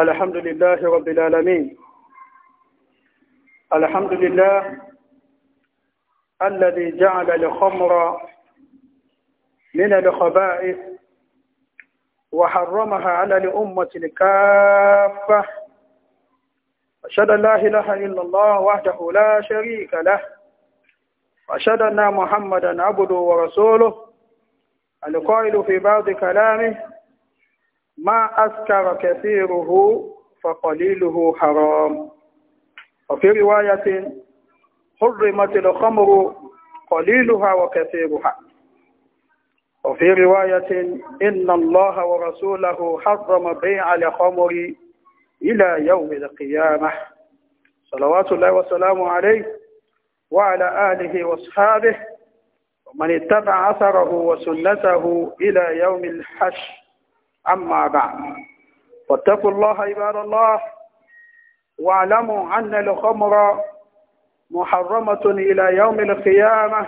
الحمد لله رب العالمين الحمد لله الذي جعل الخمر من الخبائث وحرمها على الأمة الكافة أشهد أن لا إله إلا الله وحده لا شريك له وأشهد أن محمدا عبده ورسوله القائل في بعض كلامه ما أسكر كثيره فقليله حرام وفي رواية حرمت الخمر قليلها وكثيرها وفي رواية إن الله ورسوله حرم بيع الخمر إلى يوم القيامة صلوات الله وسلامه عليه وعلى آله وأصحابه ومن اتبع أثره وسنته إلى يوم الحشر أما بعد واتقوا الله عباد الله واعلموا أن الخمر محرمة إلى يوم القيامة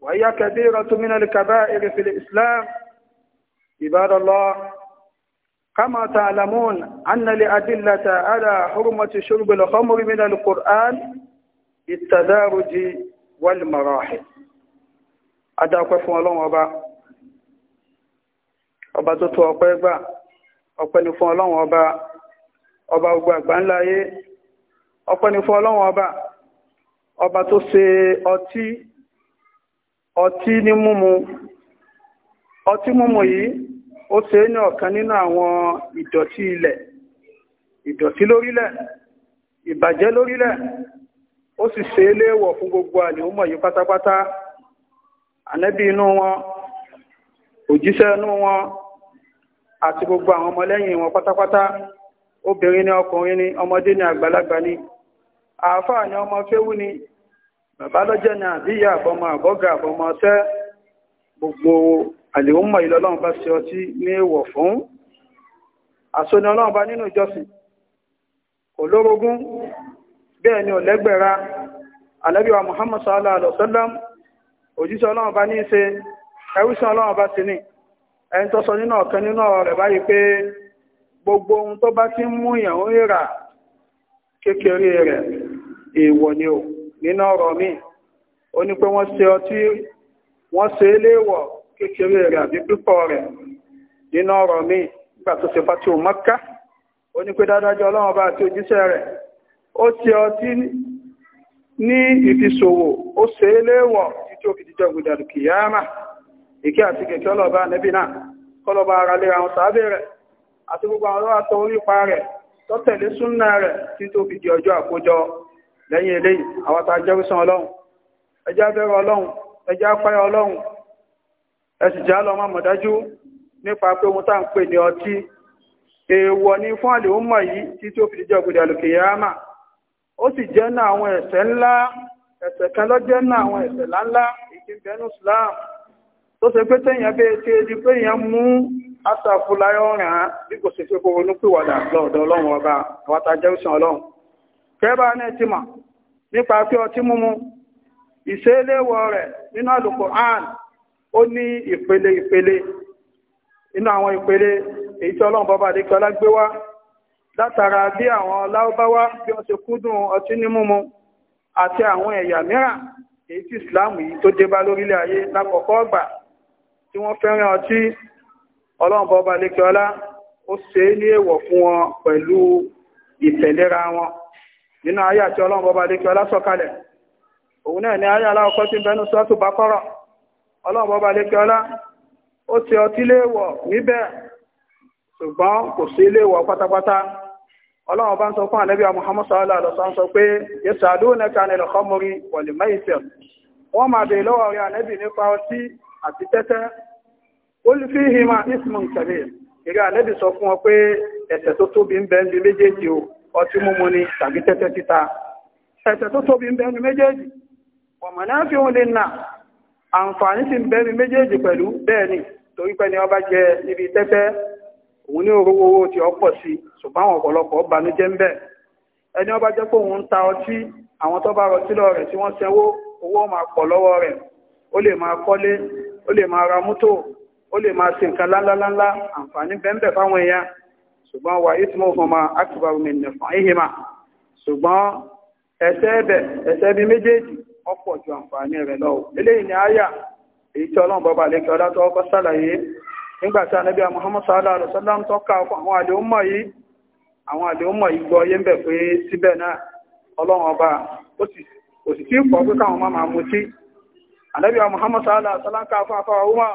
وهي كبيرة من الكبائر في الإسلام عباد الله كما تعلمون أن لأدلة على حرمة شرب الخمر من القرآن التدارج والمراحل أدعوكم الله وبركاته ọba tó tó ọpẹ́ gbà ọpẹ́ ni fún ọlọ́run ọba ọba gbogbo àgbà ńlá ayé Ọpẹ ni fún ọlọ́run ọba ọba tó ṣe ọtí ọtí ní múmu ọtí múmu yìí ó ṣe é ní ọ̀kan nínú àwọn ìdọ̀tí ilẹ̀ ìdọ̀tí lórílẹ̀ ìbàjẹ́ lórílẹ̀ ó sì ṣe é léèwọ̀ fún gbogbo àníwọ̀mọ̀ yìí pátápátá ànẹ́bí inú wọn òjíṣẹ́ inú wọn àti gbogbo àwọn ọmọlẹ́yìn wọn pátápátá obìnrin ni ọkùnrin ni ọmọdé ni àgbàlagbà ni àáfàá ni ọmọ féwú ni bàbá lọ́jẹ́ ni àbíyà àbọmọ àbọ́gà àbọmọ ọ̀sẹ́ gbogbo àlèhùnmọ̀ ìlọ́lọ́run bá ṣe ọtí ní èèwọ̀ fún àsọni ọlọ́run bá nínú ìjọsìn kò lórogún bẹ́ẹ̀ ni ọ̀lẹ́gbẹ̀ra alẹ́bíwa Muhammad sallallahu alaihi wasallam òjíṣẹ́ ọlọ́run bá ní í ṣe ẹrúṣẹ́ ọlọ́run bá ti ní ẹni tó sọ nínú ọ̀kan nínú ọ̀rọ̀ rẹ̀ báyìí pé gbogbo ohun tó bá ti ń mú ìyàwó rírà kékeré rẹ̀ èèwọ̀ ni o nínú ọ̀rọ̀ mi ó ní pé wọ́n ṣe ọtí wọ́n ṣe léèwọ̀ kékeré rẹ̀ àbí pípọ̀ rẹ̀ nínú ọ̀rọ̀ mi nígbà tó ṣe fatu mọ́ká ó ní pé dádájọ́ ọlọ́run bá àti òjíṣẹ́ rẹ̀ ó ṣe ọtí ní ìfiṣòwò ó ṣe léèwọ̀ títí ó fi jíjọ́ gbìdàdù kìyàmá ìkẹ́ àti kẹ̀kẹ́ ọlọba nẹ́bí náà Kọlọba ara lé àwọn sàábẹ̀ rẹ̀ àti gbogbo àwọn ọlọ́wà tó orípa rẹ̀ tó tẹ̀lé súnnà rẹ̀ tí tó fi di ọjọ́ àkójọ lẹ́yìn eléyìí àwọn tá a jẹ́ ọlọ́run ẹjá bẹ̀rẹ̀ ọlọ́run ẹjá apáyà ọlọ́run ẹsì já mọ̀dájú nípa pé ohun tá à ń pè ní ọtí èèwọ̀ ni fún àlèhùn mọ̀ yìí tí tó fi di tó ṣe pé téèyàn bẹ́ẹ̀ tí ó di pé èèyàn mú àtàfúláyọ̀ rìn án bí kò sì fi kó ronú pìwàdà lọ́ọ̀dọ̀ ọlọ́run ọba àwátá jẹ́rùsàn ọlọ́run kẹ́bà náà ti mà nípa pé ọtí múmu ìṣeéléwọ̀ rẹ̀ nínú Al-Qur'an ó ní ìpele ìpele inú àwọn ìpele èyí tí ọlọ́run bọ́bá adékọ́lá gbé wá látara bí àwọn láwọ́báwá bí wọ́n ṣe kúndùn ọtí ní múmu àti àwọn ẹ̀yà mìíràn èyí tí Islam yìí tó dé bá lórílẹ̀ ayé lákọ̀ọ́kọ́ ọgbà tí wọ́n fẹ́ràn ọtí ọlọ́run bọba lékeọlá ó ṣe é ní èèwọ̀ fún wọn pẹ̀lú ìtẹ̀lera wọn nínú ayé àti ọlọ́run bọba lékeọlá sọ̀kalẹ̀ òun náà ni ayé aláwọ̀kọ́ tí bẹnu sọ́tù bá kọ́rọ̀ ọlọ́run bọba lékeọlá ó ṣe ọtí léèwọ̀ níbẹ̀ ṣùgbọ́n kò sí léèwọ̀ pátápátá ọlọ́run bá ń sọ fún ànábì Muhammad sallallahu alaihi wasallam sọ pé yasalunaka anil khamri wal maisir wọ́n máa bèèrè lọ́wọ́ rẹ̀ ànábì nípa ọtí àti tẹ́tẹ́ olùfihìmá ismun kabir ìrẹ́ àlẹ́bì sọ fún ọ pé ẹ̀ṣẹ̀ tó tóbi ń bẹ ní méjèèjì o ọtí múmu ni tàbí tẹ́tẹ́ títa ẹ̀ṣẹ̀ tó tóbi ń bẹ ní méjèèjì ọmọ náà fi hùn lè nà àǹfààní sì ń bẹ ní méjèèjì pẹ̀lú bẹ́ẹ̀ ni torí pé ni wọ́n bá jẹ níbi tẹ́tẹ́ òun ní orúkọ owó tí ó pọ̀ sí ṣùgbọ́n ọ̀pọ̀lọpọ̀ banújẹ́ ń bẹ ẹni wọ́n bá jẹ́ pé òun ta ọtí àwọn tó bá rọtí lọ rẹ̀ tí wọ́n sanwó owó máa pọ̀ lọ́wọ́ rẹ̀ ó lè máa kọ́lé ó lè máa ra mọ́tò ó lè máa nka nǹkan lálálálá àǹfààní bẹ́ẹ̀ fáwọn èèyàn ṣùgbọ́n wà ìtumọ̀ fún ma akbar min naf'ihima ṣùgbọ́n ẹ̀ṣẹ̀ ṣùgbọ́n ẹ̀ṣẹ̀ bí méjèèjì ọ̀pọ̀ ju àǹfààní rẹ̀ lọ eléyìí ni àyà èyí tí ọlọ́run bọ́ba àlékè ọlá tó ọkọ̀ sàlàyé nígbà tí anábíà Muhammad sallallahu alaihi wasallam tó ká ọkọ̀ àwọn àlèhùnmọ̀ yìí àwọn yìí gbọ́ ọba ó tí pọ̀ pé káwọn máa sallallahu alaihi wasallam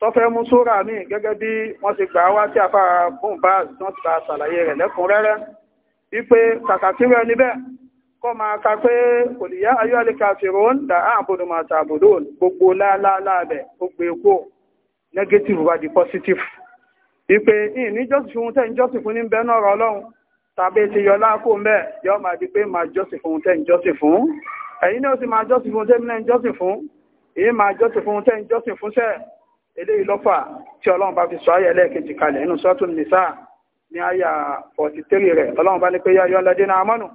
tọ́fẹ́ mú sóra mi gẹ́gẹ́ bí wọ́n ti gbà wá sí afá bombaz wọ́n ti bá ṣàlàyé rẹ̀ lẹ́kùnrẹ́rẹ́ wípé kàkà kí rẹ̀ níbẹ̀ kọ́ máa ka pé kò lè yá ayọ́ àlè kàfìrún dà á àbòdò máa ta àbòdò gbogbo láàláàbẹ̀ gbogbo èkó e negative wá di positive wípé ìyìn ní jọ́sìn fún tẹ́ ń jọ́sìn fún ní bẹ́ẹ̀ náà rọ ọlọ́run tàbí ti yọ láàkó mẹ́ yọ máa di pé máa jọ́sìn fún tẹ́ ń jọ́sìn fún ẹ̀yin náà sì máa jọ́sìn fún tẹ́ ń jọ́sìn fún èyí máa jọ́sìn fún tẹ́ ń jọ́sìn fún sẹ́ẹ̀ eléyìí lọ́fà tí ọlọ́run bá fi sọ ayẹ lẹ́ẹ̀kejì kalẹ̀ nínú sọ́tù nìsá ní àyà 43 rẹ̀ ọlọ́run bá ní pé yáyọ́ ọlọ́dé náà mọ́nù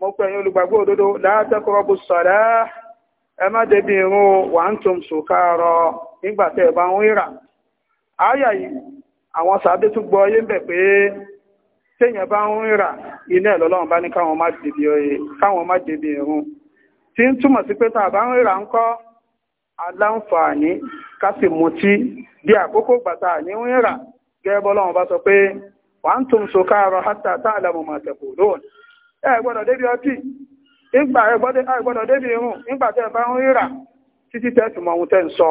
mo pè yín olùgbàgbọ́ òdodo látẹ́kọ̀rọ̀bù sọ̀rẹ́ ẹ má débi irun wà ń tún sùkárọ̀ nígbà tẹ́ ẹ bá ń àyà yìí àwọn tún gbọ́ yé ń bẹ̀ pé téèyàn bá ń iná ẹ̀ lọ́lọ́run bá ní káwọn má aláǹfààní ká sì mutí bí àkókò gbàtà ní rírà gẹ́gẹ́ sọ pé wà ń tún so káàrọ̀ hátà tá àlàmù mà tẹ̀kù ẹ gbọ́dọ̀ débi ọtí ìgbà ẹ gbọ́dọ̀ débi irun nígbà tẹ́ ẹ bá ń rírà títí tẹ́ fi ohun tẹ́ ń sọ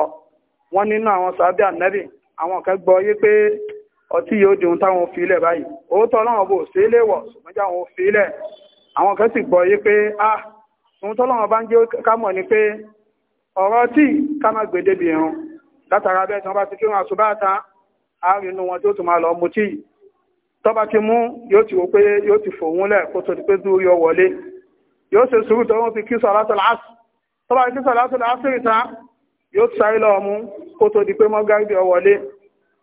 wọ́n nínú àwọn ànẹ́bì àwọn kan di ohun táwọn fi báyìí òótọ́ bò sí ilé wọ̀ ṣùgbọ́n ọ̀rọ̀ tí ká má gbé débi ẹ̀rùn látara bẹ́ẹ̀ tí wọ́n bá ti kírun àṣùbáta àárínú wọn tó tún máa lọ mutí tó bá ti mú yóò ti wò pé yóò ti fòun lẹ̀ kó tó di pé dúró yọ wọlé yóò ṣe sùúrù tó wọ́n fi kí sọ̀látọ̀lá tó bá kí sọ̀látọ̀lá àṣírí tán yóò sáré lọ mú kó tó di pé mọ́gáríbì ọ wọlé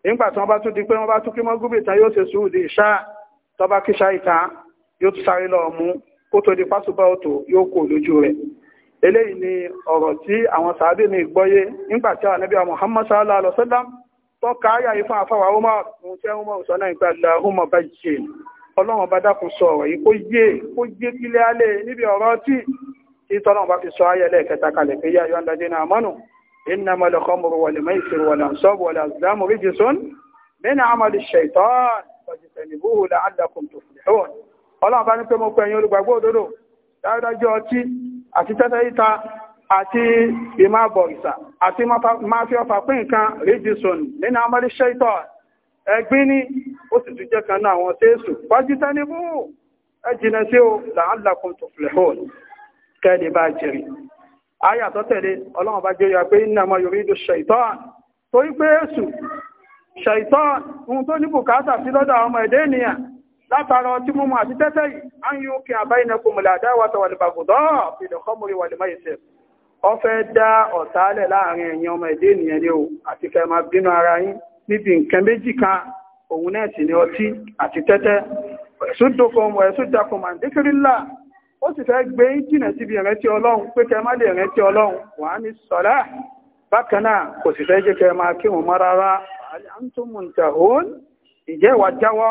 nígbà tí wọ́n bá tún di pé wọ́n bá tún kí mọ́gúbì tán yóò ṣe sùúrù di ìṣá tó kí ṣáì tán yóò tún sáré lọ mú kó tó di pásùbà yóò kó lójú rẹ̀ eléyìí ni ọ̀rọ̀ tí àwọn sàábì mi gbọ́yé nígbà tí àwọn anábíà Muhammad sallallahu alaihi wasallam tọ́ka ayà yìí fún àfáwà Umar ohun tí Umar sọ náà nípa Allahumma bayyin ọlọ́run bá dákun sọ ọ̀rọ̀ yìí kó yé kó yé kílẹ̀ alẹ́ níbi ọ̀rọ̀ tí tí tọ́lọ́run bá fi sọ ayẹ lẹ́ẹ̀kẹta kalẹ̀ pé yáyọ ńlọdé náà mọ́nù innamal khamru àti tẹ́tẹ́ yíta àti ìmá bọ̀rìsà àti máa fi ọfà pín nǹkan rejison nínú amọ́lé ṣẹ́tọ̀ ẹgbín ní ó sì tún jẹ́ kan náà àwọn tẹ́sù pàjítẹ́ ní mú ẹ sí o làálàkùn tó flẹ̀hón kẹ́ni bá jẹ̀rì ayà tó tẹ̀lé ọlọ́run bá jẹ́rì pé iná mọ́ yuridu ṣẹ́tọ́ torí pé èsù ohun tó ní bùkátà sí lọ́dọ̀ àwọn ọmọ ẹ̀dẹ́ ènìyàn látara ọtí mímu àti tẹ́tẹ́ yìí á ń yóò kí àbáyínẹ́kùn mọ̀lá àdáwà tọwà lè bàgùdọ́ ìlú kọ́mùrí wà lè máa ìṣẹ́ ọ fẹ́ dá ọ̀tálẹ̀ láàrin ẹ̀yin ọmọ ẹ̀dẹ́ ènìyàn ni o àti fẹ́ máa bínú ara yín níbi nǹkan méjì kan òun náà sì ni ọtí àti tẹ́tẹ́ ẹ̀sùdókòm ẹ̀sùdàkòm àǹdékìrìlà ó sì fẹ́ gbé jìnà síbi ìrántí ọlọ́run pé kẹ́ má lè rántí ọlọ́run wà á ní sọ̀lá bákan náà kò sì fẹ́ jẹ́ kẹ́ máa kírun mọ́ rárá àǹtúmùntàhún ìjẹ́ ìwà jáwọ́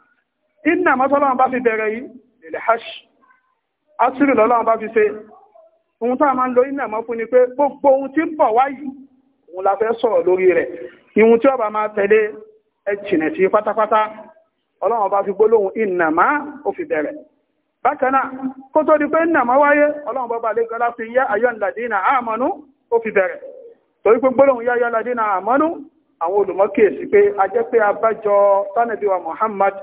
ma mọ́tọ́lọ́wọ́n bá fi bẹ̀rẹ̀ yìí lè hash asiri lọ́lọ́wọ́n bá fi ṣe ohun tó a máa ń lo inna pé gbogbo ohun tí ń bọ̀ wáyìí òun la fẹ́ sọ̀rọ̀ lórí rẹ̀ ihun tí ọba máa tẹ̀lé ẹ sí pátápátá ọlọ́wọ́n bá fi gbólóhùn inna ma ó fi bẹ̀rẹ̀ bákan náà kó tó di pé wáyé ọlọ́wọ́n bá balẹ̀ yá ayọ́ àmọ́nú ó Muhammad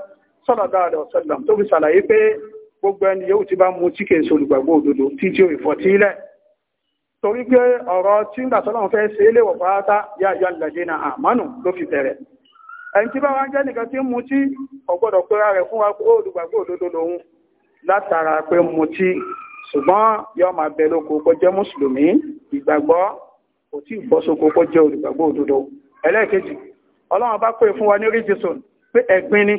sallallahu alaihi wasallam tó fi ṣàlàyé pé gbogbo ẹni yóò ti bá mu tí kìí ṣe olùgbàgbọ́ òdodo títí ìfọ̀tílẹ̀ torí pé ọ̀rọ̀ tí ń gbàtọ́lọ́run fẹ́ ṣe é léwọ̀ pátá yá yá lẹ́dínà àmánù ló fi bẹ̀rẹ̀ ẹni tí bá wá jẹ́ nìkan tí ń mu tí ọ̀gbọ́dọ̀ pé rẹ̀ fún wa pé olùgbàgbọ́ òdodo lòun látara pé mu tí ṣùgbọ́n yóò máa bẹ lóko kó jẹ́ mùsùlùmí ìgbàgbọ́ kò tí ì bọ́ sóko kó jẹ́ olùgbàgbọ́ òdodo ẹlẹ́ẹ̀kejì ọlọ́run bá pè fún wa ní rígisọ̀n pé ẹ̀gbin ni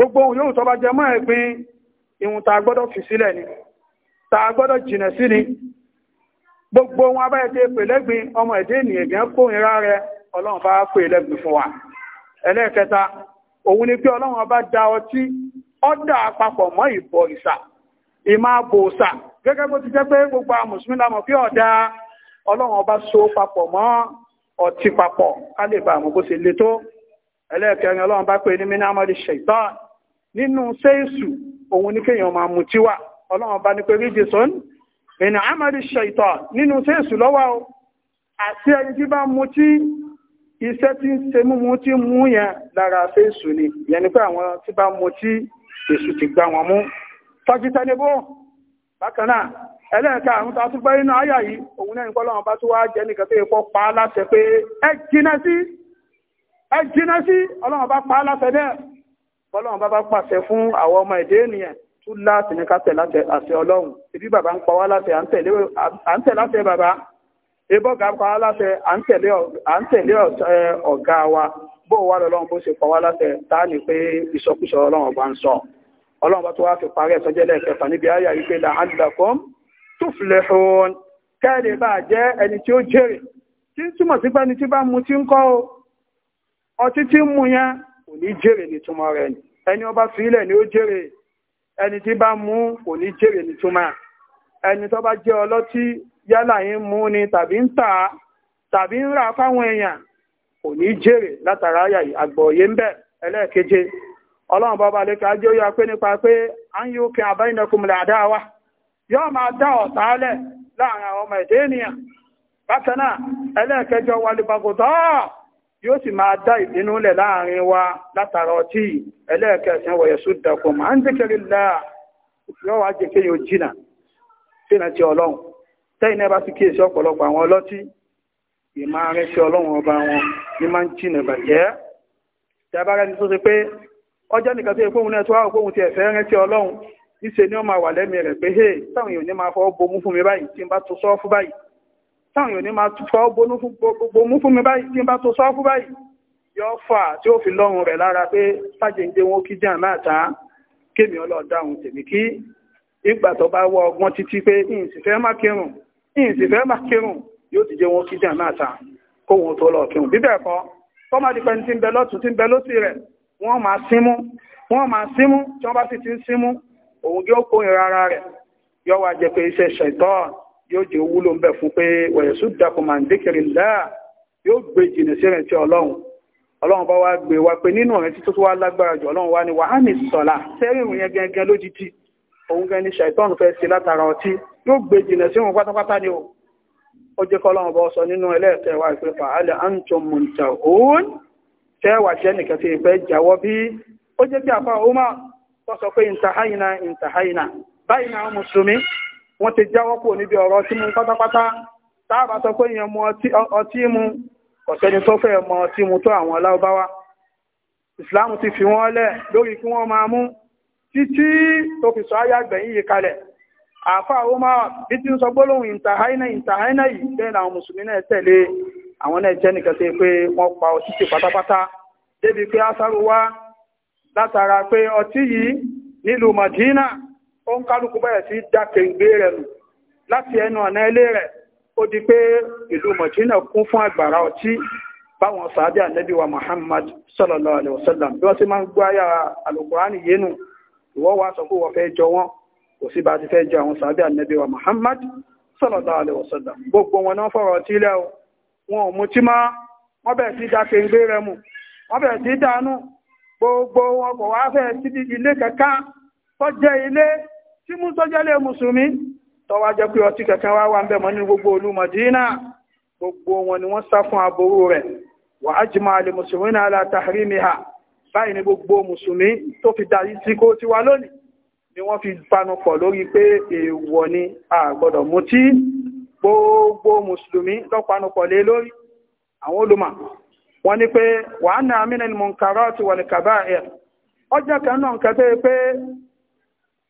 gbogbo ohun yóò tọba jẹmọ́ ẹ̀gbin ìhun ta gbọ́dọ̀ fi sílẹ̀ ni ta gbọ́dọ̀ jìnà sí ni gbogbo ohun abáyẹ̀ tẹ́ pè lẹ́gbin ọmọ ẹ̀dẹ́ ènìyàn gẹ́ kó ìrá rẹ ọlọ́run bá pè lẹ́gbin fún wa ẹlẹ́ẹ̀kẹta òun ni pé ọlọ́run bá da ọtí ọ́dà papọ̀ mọ́ ìbọ̀ ìsà ìmá bòòsà gẹ́gẹ́ bó ti jẹ́ pé gbogbo àwọn mùsùlùmí lámọ̀ pé ọ̀dà ọlọ́run ọba so papọ̀ mọ́ ọtí papọ̀ ká lè bá àmọ́ bó ṣe le tó ẹlẹ́ẹ̀kẹrin ọlọ́run bá pè ní mínámọ́lì ṣẹ̀tán nínú sẹ́ẹ̀sù òun ní kéèyàn máa mutí wà ọlọ́run bá ní pé ríjì sọ́n ẹ̀nà amadi ṣaitan nínú sẹ́ẹ̀sù lọ́wọ́ o àti ẹni tí bá mutí iṣẹ́ tí ń ṣe mú mutí mú yẹn lára sẹ́ẹ̀sù ni ìyẹn ni pé àwọn tí bá mutí èṣù ti gbá wọn mú tọ́jítẹ́ níbó bákan náà ẹlẹ́ẹ̀ka àrùn tó tún bẹ́rẹ̀ náà yàyí òun náà nǹkan lọ́wọ́ bá tó wá jẹ́ nìkan tó yẹ kọ́ pa á láṣẹ pé ẹ jìnà sí ọlọ́run bá pa á láṣẹ bẹ́ẹ̀ bọ́lọ́run bá bá pàṣẹ fún àwọn ọmọ èdè ènìyàn tún láti ní ká tẹ̀ láti àṣẹ ọlọ́run ibi bàbá ń pa wá láti à ń tẹ̀ láti bàbá ebọ́ ga pa wá láti à ń tẹ̀lé ọ̀gá wa bó wà lọ́lọ́run bó ṣe pa wá láti tá ní pé ìsọkúsọ ọlọ́run bá ń sọ ọlọ́run bá tó wá fi parí ẹ̀sọ́jẹ́lẹ̀ kẹfà níbi ayà yìí pé la'allakum tuflihun kẹ́ẹ̀lẹ̀ bá jẹ́ ẹni tí ó jèrè tí túmọ̀ sí pé ẹni tí bá mu ti ń kọ́ ọtí tí ń mu yẹn kò ní jèrè rẹ̀ ni ẹni ọba fílẹ̀ ni ó jèrè ẹni tí bá mú kò ní jèrè ẹni tó bá jẹ́ ọlọ́tí yálà yín mú ni tàbí ń tà á tàbí ń rà fáwọn látara àgbọ̀yé ń bẹ̀ ẹlẹ́ẹ̀keje ọlọ́run wa yóò máa dá láàrin ọmọ ẹ̀dẹ́ ènìyàn bákan náà ẹlẹ́ẹ̀kẹjọ wà yóò sì máa dá ìbínú lẹ̀ láàrin wa látara ọtí ẹlẹ́ẹ̀kẹsàn wọ̀yẹ̀ sódàkùn máa ń dékèrè láà yóò wá jẹ́ kéèyàn jìnà sínà ti ọlọ́run tẹ́yìn náà bá ti kíyèsí ọ̀pọ̀lọpọ̀ àwọn ọlọ́tí ìmáàrin sí ọlọ́run ọba wọn ní máa ń jìnà bàjẹ́ ni ó máa wà lẹ́mìí rẹ̀ pé hey táwọn èèyàn ní máa táwọn èèyàn ní máa fọ́ gbogbo mú fún mi báyìí tí n bá tó sọ́ fún báyìí yọ fà tí ó fi lọ́rùn rẹ̀ lára pé fàjẹ̀ǹdé wọn kí jẹ́ àmáàtá kémi ọlọ́ọ̀dáhùn tèmi kí ìgbà tó bá wọ ọgbọ́n títí pé ìǹsìfẹ́ má kírun ìǹsìfẹ́ má kírun yóò ti jẹ́ wọn kí jẹ́ àmáàtá kó wọn tó lọ kírun bíbẹ̀ kọ́ tọ́mọdé pẹ́ni tí ń bẹ lọ́tún tí ń bẹ lọ́sì rẹ̀ wọ́n máa símú wọ́n máa símú tí wọ́n bá sì ti ń símú òun yóò kó ìrara rẹ̀ yọ wá jẹ pé iṣẹ́ ṣẹ̀tọ́ọ̀ yóò jẹ́ wúlò ń bẹ̀ fún pé wẹ̀yẹ̀sù dàpọ̀ màá ń dékèrè láà yóò gbé jìnnà sí ìrìntì ọlọ́run ọlọ́run bá wá gbé wa pé nínú ọ̀rẹ́ títí tó wá lágbára jù ọlọ́run wá ní wàá ní sọ̀la sẹ́rìn yẹn gẹ́gẹ́ lójijì òun gẹ́ ní ṣàìtọ́nù fẹ́ ṣe látara ọtí yóò gbé jìnnà sí òun pátápátá ni o ó jẹ́ kọ́lọ́run bá sọ nínú ẹlẹ́ẹ̀tẹ́ wa ìpè fàálẹ̀ antum mùntà òun tẹ́wà jẹ́ nìkan tí ìfẹ́ jáwọ́ bí ó jẹ́ bí àfa òun máa sọ pé ìntàháyìnà ìntàháyìnà báyìí náà mùsùlùmí wọ́n ti jáwọ́ kò níbi ọ̀rọ̀ ọtí mu pátápátá táàbà sọ pé èèyàn mọ ọtí mu ọ̀sẹ́ni tó fẹ́ mọ ọtí mu tó àwọn aláwọ̀báwá ìsìláàmù ti fi wọ́n lẹ̀ lórí kí wọ́n máa mú títí tó fi sọ ayé bí ti ń sọ gbólóhùn pa ọtí ti pátápátá débi pé látara pé ó ń kálukú bẹ̀rẹ̀ sí dákẹ́ ìgbé rẹ̀ nù láti ẹnu ọ̀nà ilé rẹ̀ ó di pé ìlú mọ̀jínà kún fún àgbàrá ọtí báwọn sàábì wa Muhammad sallallahu alaihi wasallam bí wọ́n sì máa ń gbọ́ ayára alukurani yénu ìwọ́ wa sọ pé wọ́n fẹ́ jọ wọ́n kò sí bá ti fẹ́ jọ àwọn Muhammad gbogbo wọn náà ọtí lẹ́ o wọn ò mutí wọ́n bẹ̀rẹ̀ sí dákẹ́ ìgbé rẹ̀ gbogbo wọn kò wá síbi ilé kẹ̀kẹ́ tó tí mú jẹ́ pé ọtí wá ń bẹ̀mọ́ gbogbo olú gbogbo wọn ni wọ́n sá fún aburú rẹ̀ wà á jìmọ̀ àlè mùsùlùmí náà la ha báyìí gbogbo mùsùlùmí tó fi darí sí kó wá lónìí fi panu pọ̀ lórí pé èèwọ̀ ni a gbogbo panu pọ̀ lé lórí àwọn na amínà ni ti wà ní ọjọ́ kan náà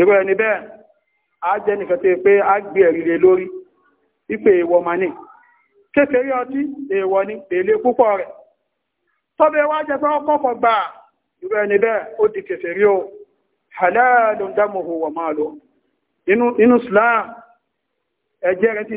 irú ẹni bẹ́ẹ̀ a jẹ́ nìkan tó pé a gbé ẹ̀rí lé lórí wípé èèwọ̀ mà ní kékeré ọtí èèwọ̀ ní èlé púpọ̀ rẹ̀ tọ́bẹ̀ wá jẹ́ tó kọ́kọ́ gbà irú ẹni bẹ́ẹ̀ ó di kèfèrí o halalun damuhu wa maluhu inú Islam ẹ̀jẹ̀ rẹ̀ ti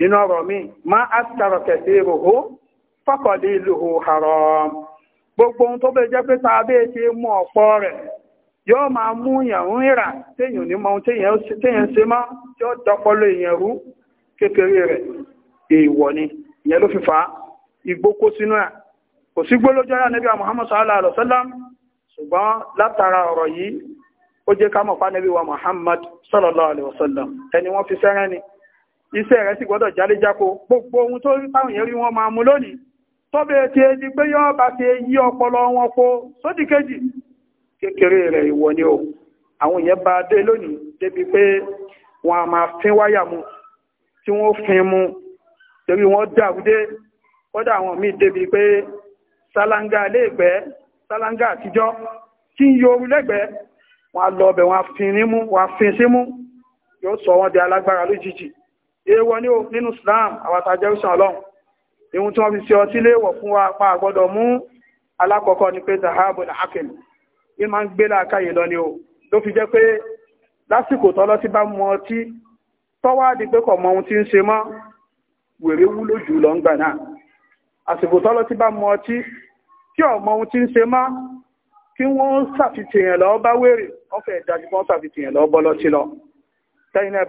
nínú ọ̀rọ̀ mi má àṣàrọ̀ kẹsí ròhó fọ́kọ̀dé ìlúhù haram gbogbo ohun tó bẹ́ẹ̀ jẹ́ pé tá a bẹ́ẹ̀ ṣe mú ọ̀pọ̀ rẹ̀ yóò máa mú yàrún ìrà téèyàn ní mọ ohun téèyàn ṣe mọ́ tí ó dọ́pọ́lọ èèyàn rú kékeré rẹ̀ èèwọ̀ ni ìyẹn ló fi fà á igbó kó sínú ẹ̀ kò sí gbó lójú ara níbi Muhammad sallallahu alaihi wasallam ṣùgbọ́n látara ọ̀rọ̀ yìí ó jẹ́ ká mọ̀ pa wa Muhammad sallallahu alaihi wasallam ẹni wọ́n fi sẹ́rẹ́ ni iṣẹ́ rẹ̀ sì gbọ́dọ̀ jáléjákó gbogbo ohun tó rí táwọn èèyàn rí wọn máa mú lónìí tọ́bẹ̀ ti di pé yọ́ bá ti yí ọpọlọ wọn po sódì kejì kékeré rẹ̀ ìwọ ni o àwọn èèyàn bá dé lónìí débi pé wọn a máa fín wáyà mu tí wọ́n fin mu torí wọ́n dàrúdé kódà àwọn míì débi pé sálángà léègbẹ́ sálángà àtijọ́ tí ń yoru lẹ́gbẹ̀ẹ́ wọn a lọ ọbẹ̀ wọn a fin símú yóò sọ wọn di alágbára lójijì èèwọ̀ ní nínú Islam àwàtà jẹ́rìsàn ọlọ́run ihun tí wọ́n fi ṣe ọtí léèwọ̀ fún wa pa àgbọ́dọ̀ mú alákọ̀ọ́kọ́ ni pé zahabu al-akil ní máa ń gbé láàkáyè lọ ni o ló fi jẹ́ pé lásìkò tọ́lọ́ ti bá mu ọtí tọ́wá di pé kọ̀ mọ ohun tí ń ṣe mọ́ wèrè wúlò jù lọ ń gbà náà àsìkò tọ́lọ́ ti bá mu ọtí tí ọmọ ohun tí ń ṣe mọ́ kí wọ́n ṣàfihàn lọ bá wèrè wọ́n fẹ́ dájú ṣàfihàn lọ bọ́ lọ sẹ́yìn náà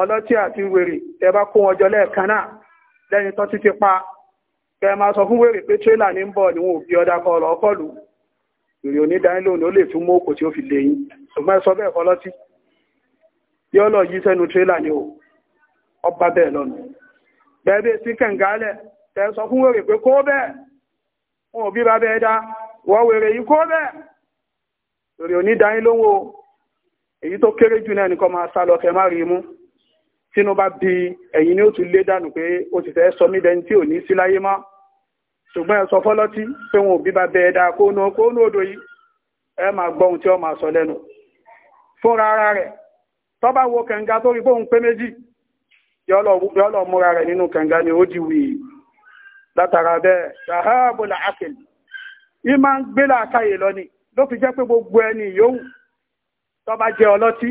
ọlọ́tí àti wèrè tẹ bá kó lẹ́ẹ̀kan náà tó ti ti pa máa sọ fún wèrè pé tírélà ní ń bọ̀ ni wọn ọdá kọ ọ̀rọ̀ ọkọlù wèrè onídàáyín ó lè tún mú òkò tí ó fi lè yín ṣùgbọ́n ẹ sọ bẹ́ẹ̀ kọ́ lọ́tí yóò lọ yí sẹ́nu tírélà ni o ọba bẹ́ẹ̀ lọ́nu bẹ́ẹ̀ kẹ̀ǹgálẹ̀ sọ fún wèrè pé kó bẹ́ẹ̀ wọn ò bí bẹ́ẹ̀ dá wọ́n wèrè yìí kó bẹ́ẹ̀ tínú bá bi, ẹ̀yin ni ó tún lé dànù pé ó ti fẹ́ sọ mí dẹni tí ò ní sí láyé mọ́ ṣùgbọ́n ẹ sọ fọ́lọ́tí pé wọn ò bí bá bẹ ẹ dáa kóónú kóónú odò yìí ẹ máa gbọ́ ohun tí ó máa sọ lẹ́nu fúnra ara rẹ̀ tó wo kànga tó rí bóun pé méjì yọ́lọ̀ múra rẹ̀ nínú kànga ni ó di wì látara bẹ́ẹ̀ ṣàhábò làákìl yí máa ń gbé làákàyè lọ ni ló fi jẹ́ pé gbogbo ẹni yòówù tó jẹ́ ọlọ́tí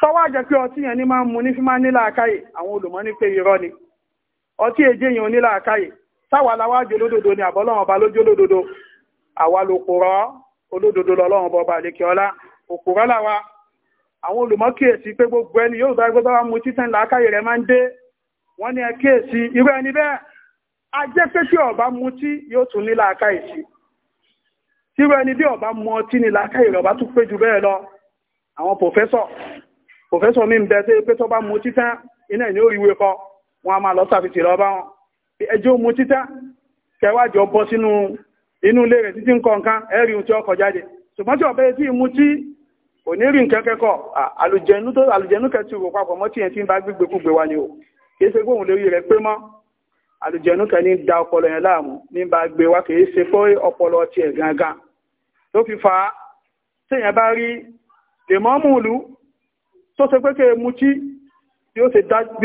tọ́wọ́ àjẹ́ pé ọtí yẹn ní máa ń mu ní fi máa ń ní làákàyè àwọn olùmọ̀ ní pé irọ́ ni ọtí èjé yẹn ò ní làákàyè táwa làwa àjò olódodo ni àbọ́lọ́wọ́n ọba lójú olódodo àwa ló pòrọ́ olódodo lọ́lọ́wọ́n ọba àlekè ọlá òpòrọ́ làwa àwọn olùmọ̀ kíyèsí pé gbogbo ẹni yóò bá gbogbo wa mu títẹ́ làákàyè rẹ̀ máa ń dé wọ́n ní ẹ kíyèsí irú ẹni bẹ́ẹ̀ ajẹ́ pé tí ọba mu yóò tún ní làákàyè sí irú ẹni bí ọba mu ọtí ni làákàyè rẹ̀ ọba tún pé jù bẹ́ẹ̀ lọ àwọn pòfẹ́sọ̀ Professor mi ń bẹ sí pé tó bá mu títán iná ìní òrìwé kọ wọn a máa lọ sàfìtì lọ bá wọn ẹjọ́ mu títán kẹwàjọ bọ́ sínú inú ilé rẹ̀ títí nǹkan kan ẹ̀rí ohun tí ó kọ jáde ṣùgbọ́n tí ọ̀bẹ tí mu tí kò ní rí nǹkan kẹ́kọ̀ọ́ àlùjẹnu tó àlùjẹnu kẹtì rò papọ̀ mọ́ tìyẹn tí ń bá gbígbé kúgbe wa ni o kì í ṣe gbóhùn lórí rẹ̀ pé mọ́ àlùjẹnu kẹ ní da ọpọlọ yẹn láàmú ní bá gbé wa kì í ṣe pé ọpọlọ tiẹ̀ gangan ló fi fà á téèyàn bá rí lèmọ́mù ìlú tó ṣe pé kèé mutí bí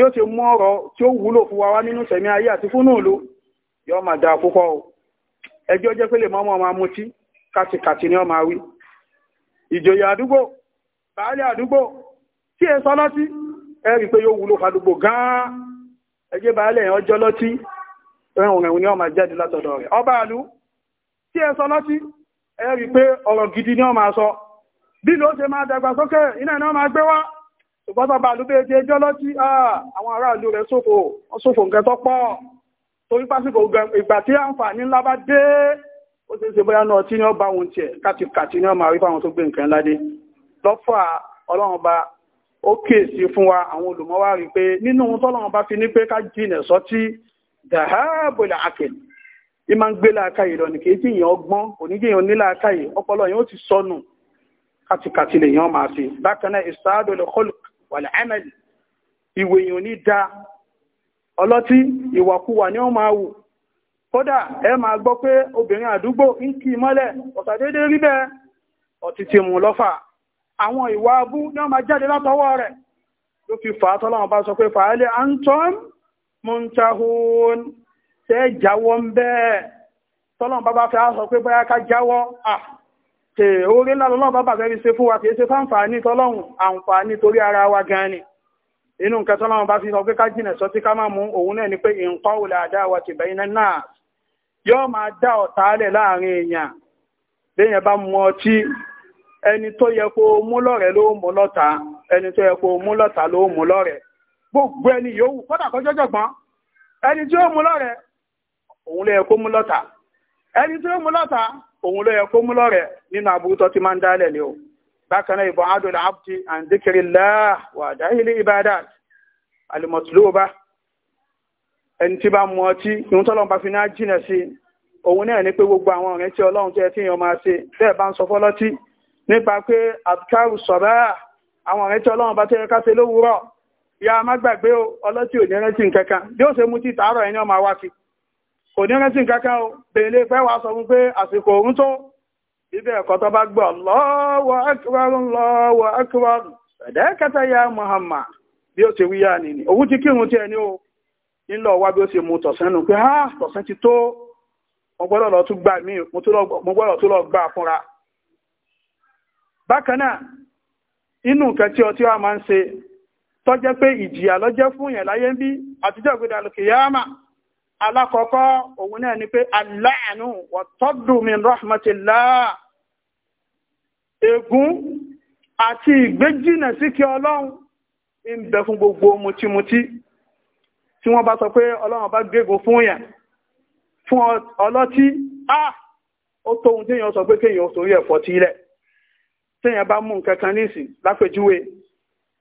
ó ṣe mú ọ̀rọ̀ tí ó wúlò fún wa wá nínú sẹ̀mí ayé àti fún òòlù yóò máa dáa púpọ̀ o ẹjọ́ jẹ́ pé lè mọ́ ọmọ mutí kàtìkàtì ni ó máa wí ìjòyè àdúgbò baálẹ̀ àdúgbò tí èso ọlọ́tí ẹ rí i pé yóò wúlò fàdúgbò gan-an ẹjẹ́ baálẹ̀ yẹn ọjọ́ lọ́tí ẹ̀hùn ẹ̀hùn ni ó máa jáde látọ̀dọ̀ rẹ̀ ọba àlú tí èso ọlọ́tí ẹ rí i pé ọ̀rọ̀ gidi ni ó máa sọ bí ló ṣe máa dàgbàsókè iná ni ó máa gbé wá ṣùgbọ́n bàbá àlúbẹ̀ ti ẹjọ́ lọ́tí àwọn aráàlú rẹ̀ ṣòfò wọ́n ṣòfò nǹkan tó pọ̀ torí pásìkò ìgbà tí àǹfààní ńlá bá dé ó ṣe é ṣe bóyá náà tí ní ọba òun tiẹ̀ kàtìkàtì ní ọmọ àrífà àwọn tó gbé nǹkan ńlá dé lọ́fà ọlọ́run ba ó kíyèsí fún wa àwọn olùmọ̀ wa rí i pé nínú ohun tọ́lọ́run bá fi ní pé ká jìnà sọ́tí dàhábòlà àkè ìmọ̀ ń gbé làákàyè lọ ní kì í jìyàn ọgbọ́n kò ní jìyàn ní làákàyè ọpọlọ yẹn ó ti sọnù kàtìkàtì lèèyàn máa fi bákan náà ìsáàdọ̀lẹ̀ kọlùk wàlẹ̀ amẹ́lì ìwé èèyàn ní da ọlọ́tí ìwàkuwà ni ó máa wù kódà ẹ máa gbọ́ pé obìnrin àdúgbò ń kí mọ́lẹ̀ ọ̀sàdédé rí bẹ́ẹ̀ ọtí ti mú lọ́fà àwọn ìwà abú ni ó máa jáde látọwọ́ rẹ̀ ló fi fàá tọ́lọ́wọ́n bá sọ pé fàálẹ̀ anton montahun tẹ́ jáwọ́ ń bẹ́ẹ̀ tọ́lọ́wọ́n bá bá fẹ́ sọ pé bóyá ká jáwọ́ tè orí ńlá lọ́nà bá bàbá rí ṣe fún wa kìí àǹfààní torí ara wa gan ni inú nǹkan bá fi sọ pé ká jìnà sọ tí ká máa mú òun náà ni pé nǹkan ò lè àdá wa ti bẹ̀yìn náà yóò máa dá láàrin èèyàn bá ọtí ẹni tó yẹ kó mú ẹni tó ẹni tí ó mú lọ́ta òun ló yẹ kó mú lọ́rẹ̀ nínú àbúrútọ́ tí máa ń dálẹ̀ ni o bákan náà ìbọn adùn abdi àǹdíkiri láàwà dáhìlì ìbádà alimọ̀tìlóba ẹni tí bá mú ọtí ìhun bá fi náà jìnà ní pé gbogbo àwọn ọ̀rẹ́ tí ọlọ́run tó yẹ kí èèyàn máa ṣe bẹ́ẹ̀ bá ń sọ nípa pé sọ̀bá ya má gbàgbé ọlọ́tí ò ní rántí nǹkan kan bí ó ṣe mú onye ní o bèèlè fẹ́ wá sọ fún pé àsìkò òun tó ibẹ̀ ẹ̀kọ́ tó bá gbọ́ Allahu ya Muhammad bí ó ti wí yá ni ti kírun o nílọ wá bí ó ti mú tọ̀sán nù pé ah tọ̀sán ti tó mo gbọ́dọ̀ lọ tún gbà mí mo gbọ́dọ̀ tó lọ gbà fúnra bákan náà inú nǹkan tí ọtí wa máa ń ṣe tọ́jẹ́ pé ìjìyà lọ́jẹ́ alákọ̀ọ́kọ́ òun náà ni pé aláàánú wọ̀tọ́dù min rahmatillah ègún àti ìgbéjìnà sí kí ọlọ́run ń bẹ fún gbogbo mutimuti tí wọ́n bá sọ pé ọlọ́run bá gbégun fún yẹn fún ọlọ́tí ah ó tó ohun téèyàn sọ pé kéèyàn sórí ẹ̀fọ́ tílẹ̀ téèyàn bá mú nǹkan kan nísìn lápèjúwe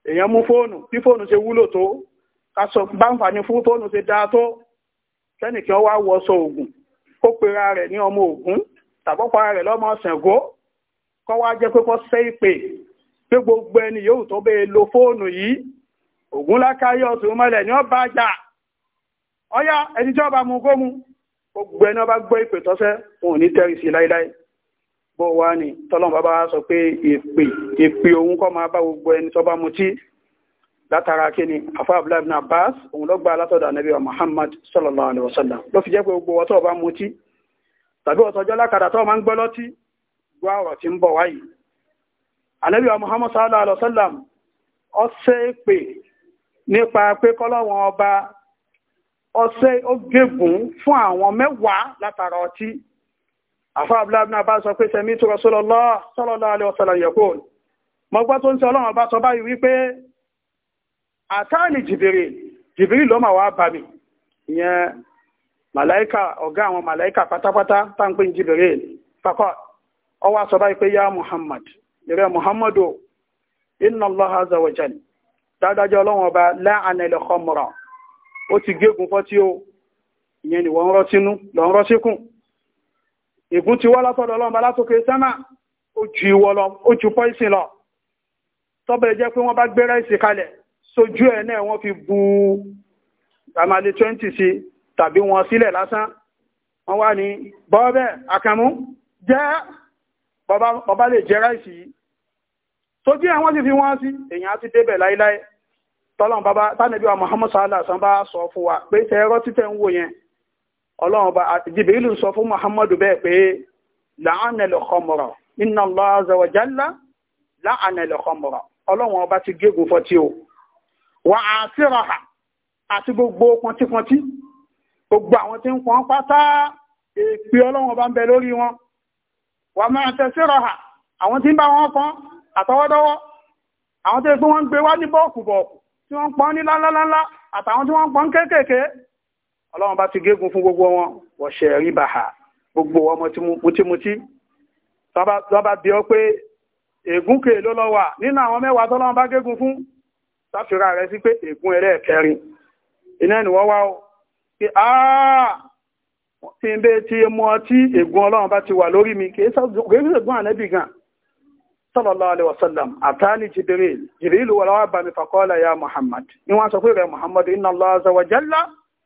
èèyàn mú fóònù bí fóònù ṣe wúlò tó ká bá ń fà ní fún fóònù ṣe dáa tó kẹ́nìkan wá wọṣọ ògùn kó pera rẹ̀ ní ọmọ ògún tàbọ́para rẹ̀ lọ́mọ ṣàngó kọ́ wá jẹ́ pé kọ́ sẹ́ ìpè pé gbogbo ẹni yóò tó bẹ́ẹ̀ lo fóònù yìí ògún lákàáyé ọ̀tún mọ́lẹ̀ ni ó bá jà ọyá ẹni tí ọba mu gómù gbogbo ẹni ọba gbọ́ ìpè tọ́sẹ́ wọn ò ní tẹ́rì sí láíláí bó wá ní tọ́lọ́mù bàbá sọ pé ìpè ìpè òun kọ́ máa bá gbogbo ẹni tọ́ba mutí látara kíni afa abdullahi ibn abbas òun ló gba látọ̀dọ̀ wa muhammad sallallahu alaihi wa sallam ló fi jẹ́ pé gbogbo ọtọ́ ọba mutí tàbí ọ̀tọ́jọ́ lákàdà tó wa muhammad sallallahu alayhi wa sallam ọsẹ́ pè nípa pé kọ́lọ́wọ́n ọba ọsẹ́ ó gégùn fún àwọn mẹ́wàá látara ọtí afa abdullahi ibn abbas sọ pé sami'tu rasulullah sallallahu alayhi wa sallam yaqul mọ́gbọ́ tó ń sọ ọlọ́run ọba sọ báyìí wípé àtàní jìbìrì jìbìrì ló mà wá bà nye malaika màláìka ọ̀gá àwọn màláìka pátápátá táǹpé jìbìrì fakọ́ ọwọ́ sọ muhammad ìrẹ́ muhammadu inna allah azza wa jal ọba laan ilẹ̀ ó ti o ìyẹn ni wọ́n rọ́tínú lọ ń rọ́tíkùn ti wá látọ̀dọ̀ ọlọ́mọ látòkè sẹ́mà ó ju ìwọ lọ ó ju lọ sojú ẹ̀ náà wọ́n fi bu àmàlè 20 sí tàbí wọn sílẹ̀ lásán wọ́n wá ní bọ́ọ̀bẹ̀ àkàmú jẹ́ bàbá lè jẹ́ ráìsì yìí sojú ẹ̀ wọ́n sì fi wọ́n sí èyàn á ti débẹ̀ láíláí tọ́lọ́n bàbá tánàbí wa ọlọ́run ọba ti gégùn fọ́tí o wà á síra hà àti gbogbo pọntípọntí gbogbo àwọn tí ń pọn pátá èpè ọlọ́run bá ń bẹ lórí wọn wà máa tẹ síra hà àwọn tí ń bá wọn pọn àtọwọ́dọ́wọ́ àwọn tí wọ́n ń gbé wá ní bọ́ọ̀kù bọ̀ọ̀kù tí wọ́n pọn ní lálálálá àtàwọn tí wọ́n pọn kéékèèké ọlọ́run bá ti gégùn fún gbogbo wọn wọ̀ṣẹ̀ rí bàhà gbogbo ọmọ tí mutímutí tọ́ba bí ọ pé ègúnkè ló lọ wà nínú àwọn mẹ́wàá tọ́lọ́run bá gégùn fún sáfìrà rẹ̀ sí pé ègún ẹ̀rẹ́ kẹrin iná ni wọ́n wá ó pé àà tí ń bẹ ti mọ tí ègún ọlọ́run bá ti wà lórí mi kìí sẹ́gbọ́n ànẹ́bì gan sallallahu alaihi wasallam àtàní jibril jibril wà láwà bá mi faqala ya muhammad ni wọ́n sọ pé rẹ̀ muhammad inna allah azza wa jalla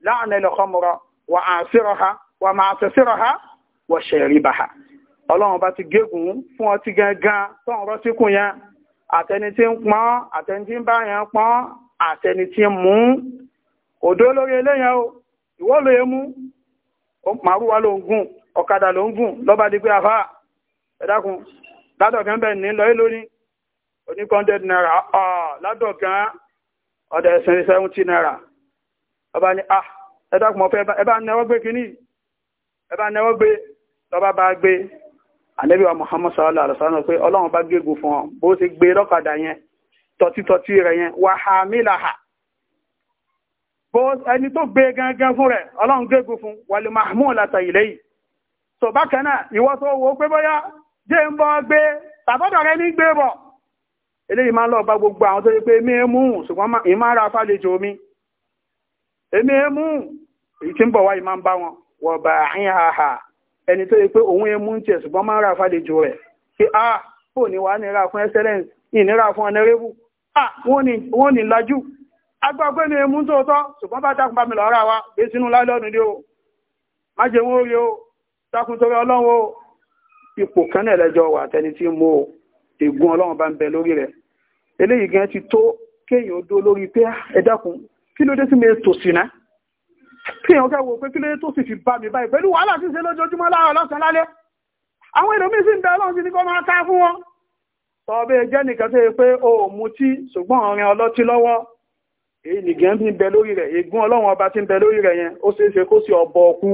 la'ana al-khamra wa asiraha wa ma'asiraha wa sharibaha ọlọ́run bá ti gégùn fún ọtí gangan tọ́run rọ́síkún yẹn àtẹni tí ń pọ́n àtẹni tí ń bá yẹn pọ́n àtẹni tí ń mú òdó lórí eléyẹn o ìwọ ló yẹ mú màrúwa ló ń gùn ọ̀kadà ló ń gùn lọ́ba di pé afá ẹ̀dákun ládọ̀kẹ́ bẹ̀ ní lọ́yẹ́ lóní oní kọ́ndẹ̀d náírà ọ̀ ládọ̀kẹ́ ọ̀dẹ̀ ẹ̀sìn sẹ́wọ́ntì náírà ọba ni ah ẹ̀dákun ọ̀fẹ́ ẹ bá nẹwọ́ gbé kínní ẹ bá gbé lọ́ba bá gbé ànábì wa muhammad sallallahu alaihi wasallam pé ọlọ́run bá gbégun fún ọ bó ṣe gbé lọ́kadà yẹn tọ́títọ́tí rẹ̀ yẹn wà á mílàhà bó ẹni tó gbé gangan fún rẹ̀ ọlọ́run gbégun fún wàlú mahmud lata ilé yìí tó bákan náà ìwọ tó wo pé bóyá jẹ́ ń bọ́ gbé tàbọ́dọ̀ rẹ ní gbé bọ̀ eléyìí máa ń lọ bá gbogbo àwọn tó yẹ pé mi mú ṣùgbọ́n ìmára fàlejò mi èmi mú èyí ń bọ̀ wáyé máa ń bá wọn wọ̀ bàá ń ha ha ẹni tó yẹ pé òun emu ń tiẹ̀ ṣùgbọ́n máa ń ra fàlejò rẹ̀ pé a ah, kò ní wàá nira fún excellence ìnira fún ọ̀nẹ́rẹ́bù a ah, wọ́n ní lajú agbágbé ni emu tó tọ́ ṣùgbọ́n bá dákun bá mi wa gbé sínú lálọ́ọ̀nù ni o má jẹ wọn orí o dákun torí ọlọ́run o ipò kan náà lẹ́jọ́ wà tẹni tí mo ègún ọlọ́run bá ń bẹ lórí rẹ̀ eléyìí kí èèyàn kẹwò pé kílé tó sì fi bá mi báyìí pẹ̀lú wàhálà tí ń ṣe lójoojúmọ́ láàárọ̀ lọ́sàn lálẹ́ àwọn ènìyàn sì ń bẹ ọlọ́run sí ní kọ́ máa ká fún wọn tọ́ọ̀bẹ́ jẹ́ nìkan tó yẹ pé o ò mutí ṣùgbọ́n ọ̀rìn ọlọ́tí lọ́wọ́ èyí nìgẹ́ ń bẹ lórí rẹ̀ ègún ọlọ́run ọba tí ń bẹ lórí rẹ̀ yẹn ó ṣeé ṣe kó sí ọbọ̀ ọkú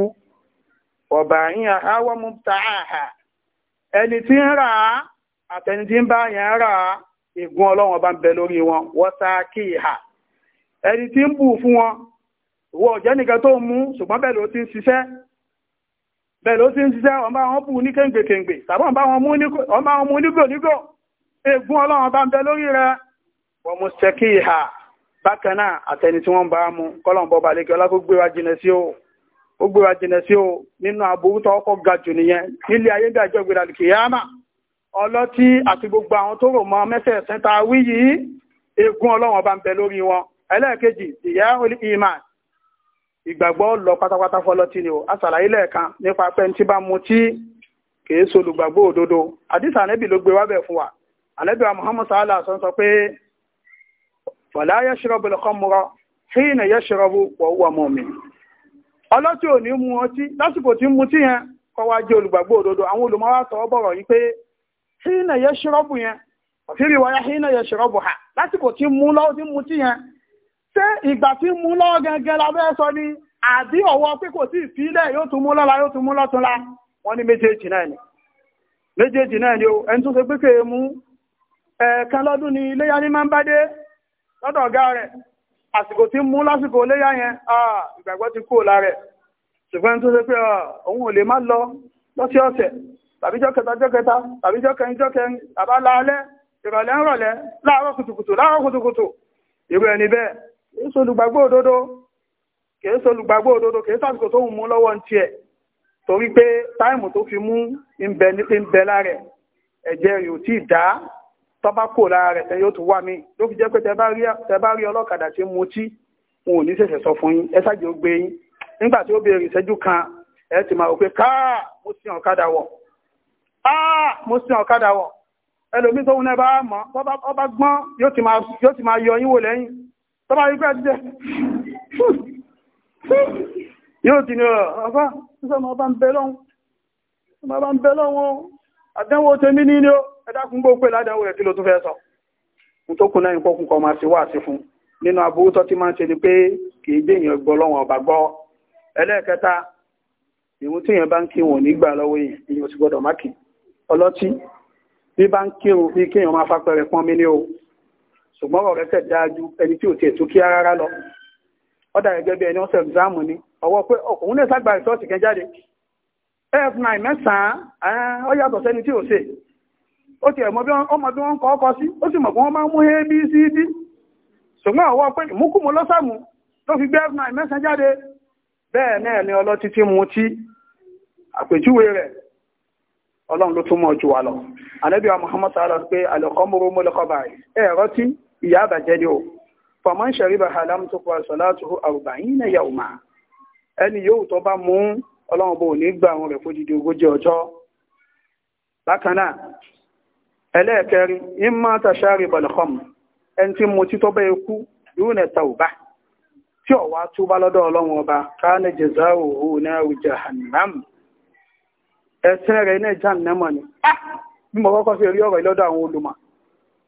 ọ̀bà yín àháwọ́ mú ta àhà ẹni tí ń rà á àtẹni tí ń bá yẹn rà á ègún ọlọ́run ọba ń bẹ lórí wọn wọ́n sá kí ìhà ẹni tí ń bù fún wọn ìwọ ọ̀jẹ́ nìkan tó mú ṣùgbọ́n bẹ́ẹ̀ ló ti ń ṣiṣẹ́ bẹ́ẹ̀ ló ti ń ṣiṣẹ́ ọmọ àwọn bù ní kéǹgbèkéǹgbè tàbí ọmọ àwọn mú nígò nígò ègún ọlọ́run bá ń bẹ lórí rẹ wọ́n mú ṣẹ́kì ìhà bákan náà àtẹni tí wọ́n bá mú kọ́lọ̀n bọ́ balẹ̀ kí ọlá kó gbéra jìnà sí o ó gbéra jìnà sí o nínú aburú tó ọkọ̀ ga jù nìyẹn nílé ayé bí àjọ ìgbéra kìyàmà ọlọ́tí àti gbogbo àwọn tó rò mọ́ mẹ́sẹ̀ sẹ́ta wí yìí ègún ọlọ́run bá ń bẹ lórí wọn ẹlẹ́ẹ̀kejì ìyá ìmàn ìgbàgbọ́ lọ pátápátá fọlọ́tì ni o àṣàlàyé lẹ́ẹ̀kan nípa pé tí bá mu tí kìí solùgbàgbọ́ òdodo àdìsá ànẹ́bì ló gbé wá bẹ̀ fún wa ànẹ́bì wa muhammad sallah sọ sọ pé wàlá yashrabu al-khamra hina yashrabu wa huwa mu'min ọlọ́tí ò ní mu ọtí lásìkò tí mu tí yẹn kọ́ wá jẹ́ olùgbàgbọ́ òdodo àwọn ha lásìkò ṣé ìgbà tí mú lọ gẹ́gẹ́ la fẹ́ sọ ni àbí ọwọ́ pé kò sí ìfilẹ̀ yóò tún mú lọ́la yóò tún mú lọ́túnla wọ́n ní méjèèjì náà ni méjèèjì náà ni o ẹni tó ṣe pé kèé mú ẹ̀ẹ̀kan lọ́dún ni iléyá ní máa ń bá dé lọ́dọ̀ ọ̀gá rẹ̀ àsìkò tí mú lásìkò iléyá yẹn ìgbàgbọ́ ti kúrò lára ẹ̀ ṣùgbọ́n ẹni tó ṣe pé òun ò lè má lọ lọ́sí ọ̀sẹ̀ tàbí jọ́kẹta jọ́kẹta tàbí jọ́kẹrin jọ́kẹrin àbá laalẹ́ ìrọ̀lẹ́ ń rọ̀lẹ́ láàárọ̀ kùtùkùtù láàárọ̀ kùtùkùtù ìwé ẹni bẹ́ẹ̀ kìí solùgbàgbọ́ òdodo kìí solùgbàgbọ́ òdodo kìí sàbíkò tó ń mú lọ́wọ́ ń tiẹ̀ torí pé táìmù tó fi mú ìbẹ̀ nípe ń bẹ lára ẹ̀ ẹ̀jẹ̀ rẹ̀ ò tí ì dá tọ́ba kò lára rẹ̀ tẹ́ yóò tún wá mi ló fi jẹ́ pé tẹ́ bá rí ọlọ́kadà tí mu tí wọn ò ní ṣẹ̀ṣẹ̀ sọ fún yín ẹ ṣáàjì ó gbé yín nígbà tí ó béèrè ìṣẹ́jú kan ẹ ti máa wò pé káà mo sin ọ̀kadà wọ̀ káà mo sin ọ̀kadà wọ̀ ẹlòmíín tó ń náà bá mọ̀ ọba gbọ́n yóò ti máa yọ yín wò lẹ́yìn tọ́bá ipẹ́ jẹ́ yóò ti ní ọ̀rọ̀ ọba ṣíṣẹ́ ma bá ń bẹ lọ́wọ́ ma bá ń bẹ lọ́wọ́ àdánwò tẹ́mí ní ní ó ẹ̀dàkùn gbó pé ládánwò rẹ̀ kí ló tún fẹ́ sọ tó kù náà ìpọkùn kan máa ṣe wà sí fún nínú aburú tó ti máa ń ṣe ni pé kì í déèyàn gbọ́ lọ́wọ́ ọba gbọ́ ẹlẹ́ẹ̀kẹta ìwọ̀n tí èèyàn bá ń kí wọn nígbà lọ́wọ́ èèyàn èèyàn ti gbọ́dọ̀ má kì ọlọ́tí bí bá ń kírun bí kéèyàn máa fapẹ̀rẹ̀ pọ́n mi ní o ṣùgbọ́n ọ̀rẹ́ tẹ̀ ju ẹni tí ò tiẹ̀ tó rárá lọ ó dà bí ẹni ọ̀sẹ̀ ni ọwọ́ pé òun náà ságbà ìtọ́ọ̀tì kan jáde f9 mẹ́sàn-án ọ ah, yàtọ̀ sẹ́ni tí ò ṣe ó tiẹ̀ mọ bí wọ́n kọ́ ọkọ sí ó sì mọ̀ pé wọ́n máa ń mú ṣùgbọ́n ọwọ́ pé lọ́sàmù tó fi gbé f9 mẹ́sàn mu tí àpèjúwe rẹ̀ ọlọ́run ló tún mọ̀ jù wà lọ wa sallallahu alaihi wa sallam pé àlọ́kọ́ báyìí ìyá àbàjẹ́ ni o fọmọ́n ṣẹ̀ríbà alámùtòkò àṣọláàtò àrùbáyìn náà yà ó mà ẹni yóò tó bá mú ọlọ́run bò ní gbà àwọn rẹ̀ fódìdí ogójì ọjọ́ bákan náà ẹlẹ́ẹ̀kẹrin ìmọ̀ tàṣàrí bọ̀lọ̀kọ́m ẹni tí mo títọ́ bá ikú yóò nẹ̀ ta òbá tí ọ̀wá túbá lọ́dọ̀ ọlọ́run ọba káàní jẹ̀zá òhù náà jahannam ẹ̀sẹ̀ rẹ̀ náà jahannam ni ah! bí mo kọ́kọ́ fi rí ọ̀rọ̀ lọ́dọ̀ àwọn olùmọ̀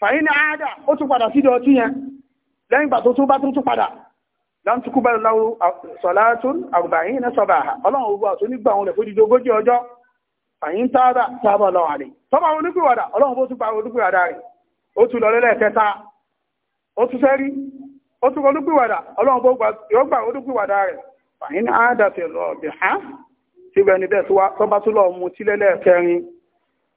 fàyí ní àádà ó tún padà sídọ̀ ọtí yẹn lẹ́yìn ìgbà tó tún bá tún tún padà láǹtukú bá lọ́wọ́ sọ̀látún àgbàyìn iná sọ̀bà ọlọ́run owó àtún nígbà òun rẹ̀ fún dídó ogójì ọjọ́ fàyí ń tábà tábà àlè tọ́ba olúgbìwàdà ọlọ́run bó tún pa rẹ̀ ó tún lọ lẹ́lẹ́ kẹta ó tún sẹ́rí ó tún ọlọ́run bó gbà rẹ̀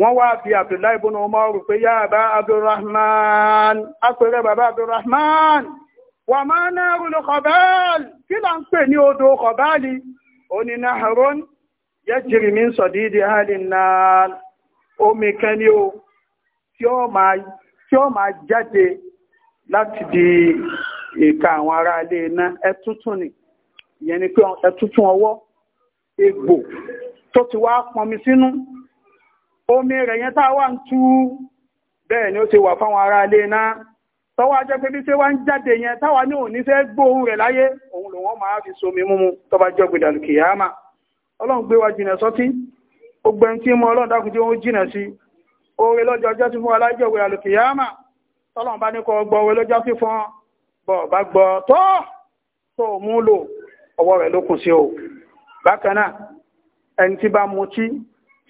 wọ́n wá bí Abdullahi ibn Umar pé yá àbá Abdurrahman apẹ̀rẹ̀ bàbá Abdurrahman wà máa náà rúlù kọ̀báàlì kí là ń pè ní odò kọ̀báàlì oní nahrun yajri min sadidi ahlin nar omi kẹni o tí ó máa jáde láti di ìka àwọn ará ilé iná ẹtútù ni ìyẹn ni pé ẹtútù ọwọ́ egbò tó ti wá pọnmi sínú omi rẹ̀ yẹn tá wà ń tú bẹ́ẹ̀ ni ó ṣe wà fáwọn ará ilé náà tọ́wọ́ ajẹ́ pé bí ṣe wá ń jáde yẹn táwa ní òní fẹ́ gbóhùn rẹ̀ láyé òun lòun máa fi somi múmu tọ́ba jẹ́ gbèdà lùkì yáàmà ọlọ́run gbé wa jìnà sọ́tí ó gbẹ́ tí mú ọlọ́run dákun tí ó jìnà sí oore lọ́jọ́ ọjọ́ sí fún alájọ́ gbèdà lùkì yáàmà tọ́lọ́run bá ní kọ́ gbọ́ oore lọ́jọ́ sí fún bọ̀ bá gbọ́ tó tó mú lò ọwọ́ rẹ̀ lókun sí o bákan náà ẹni tí bá mutí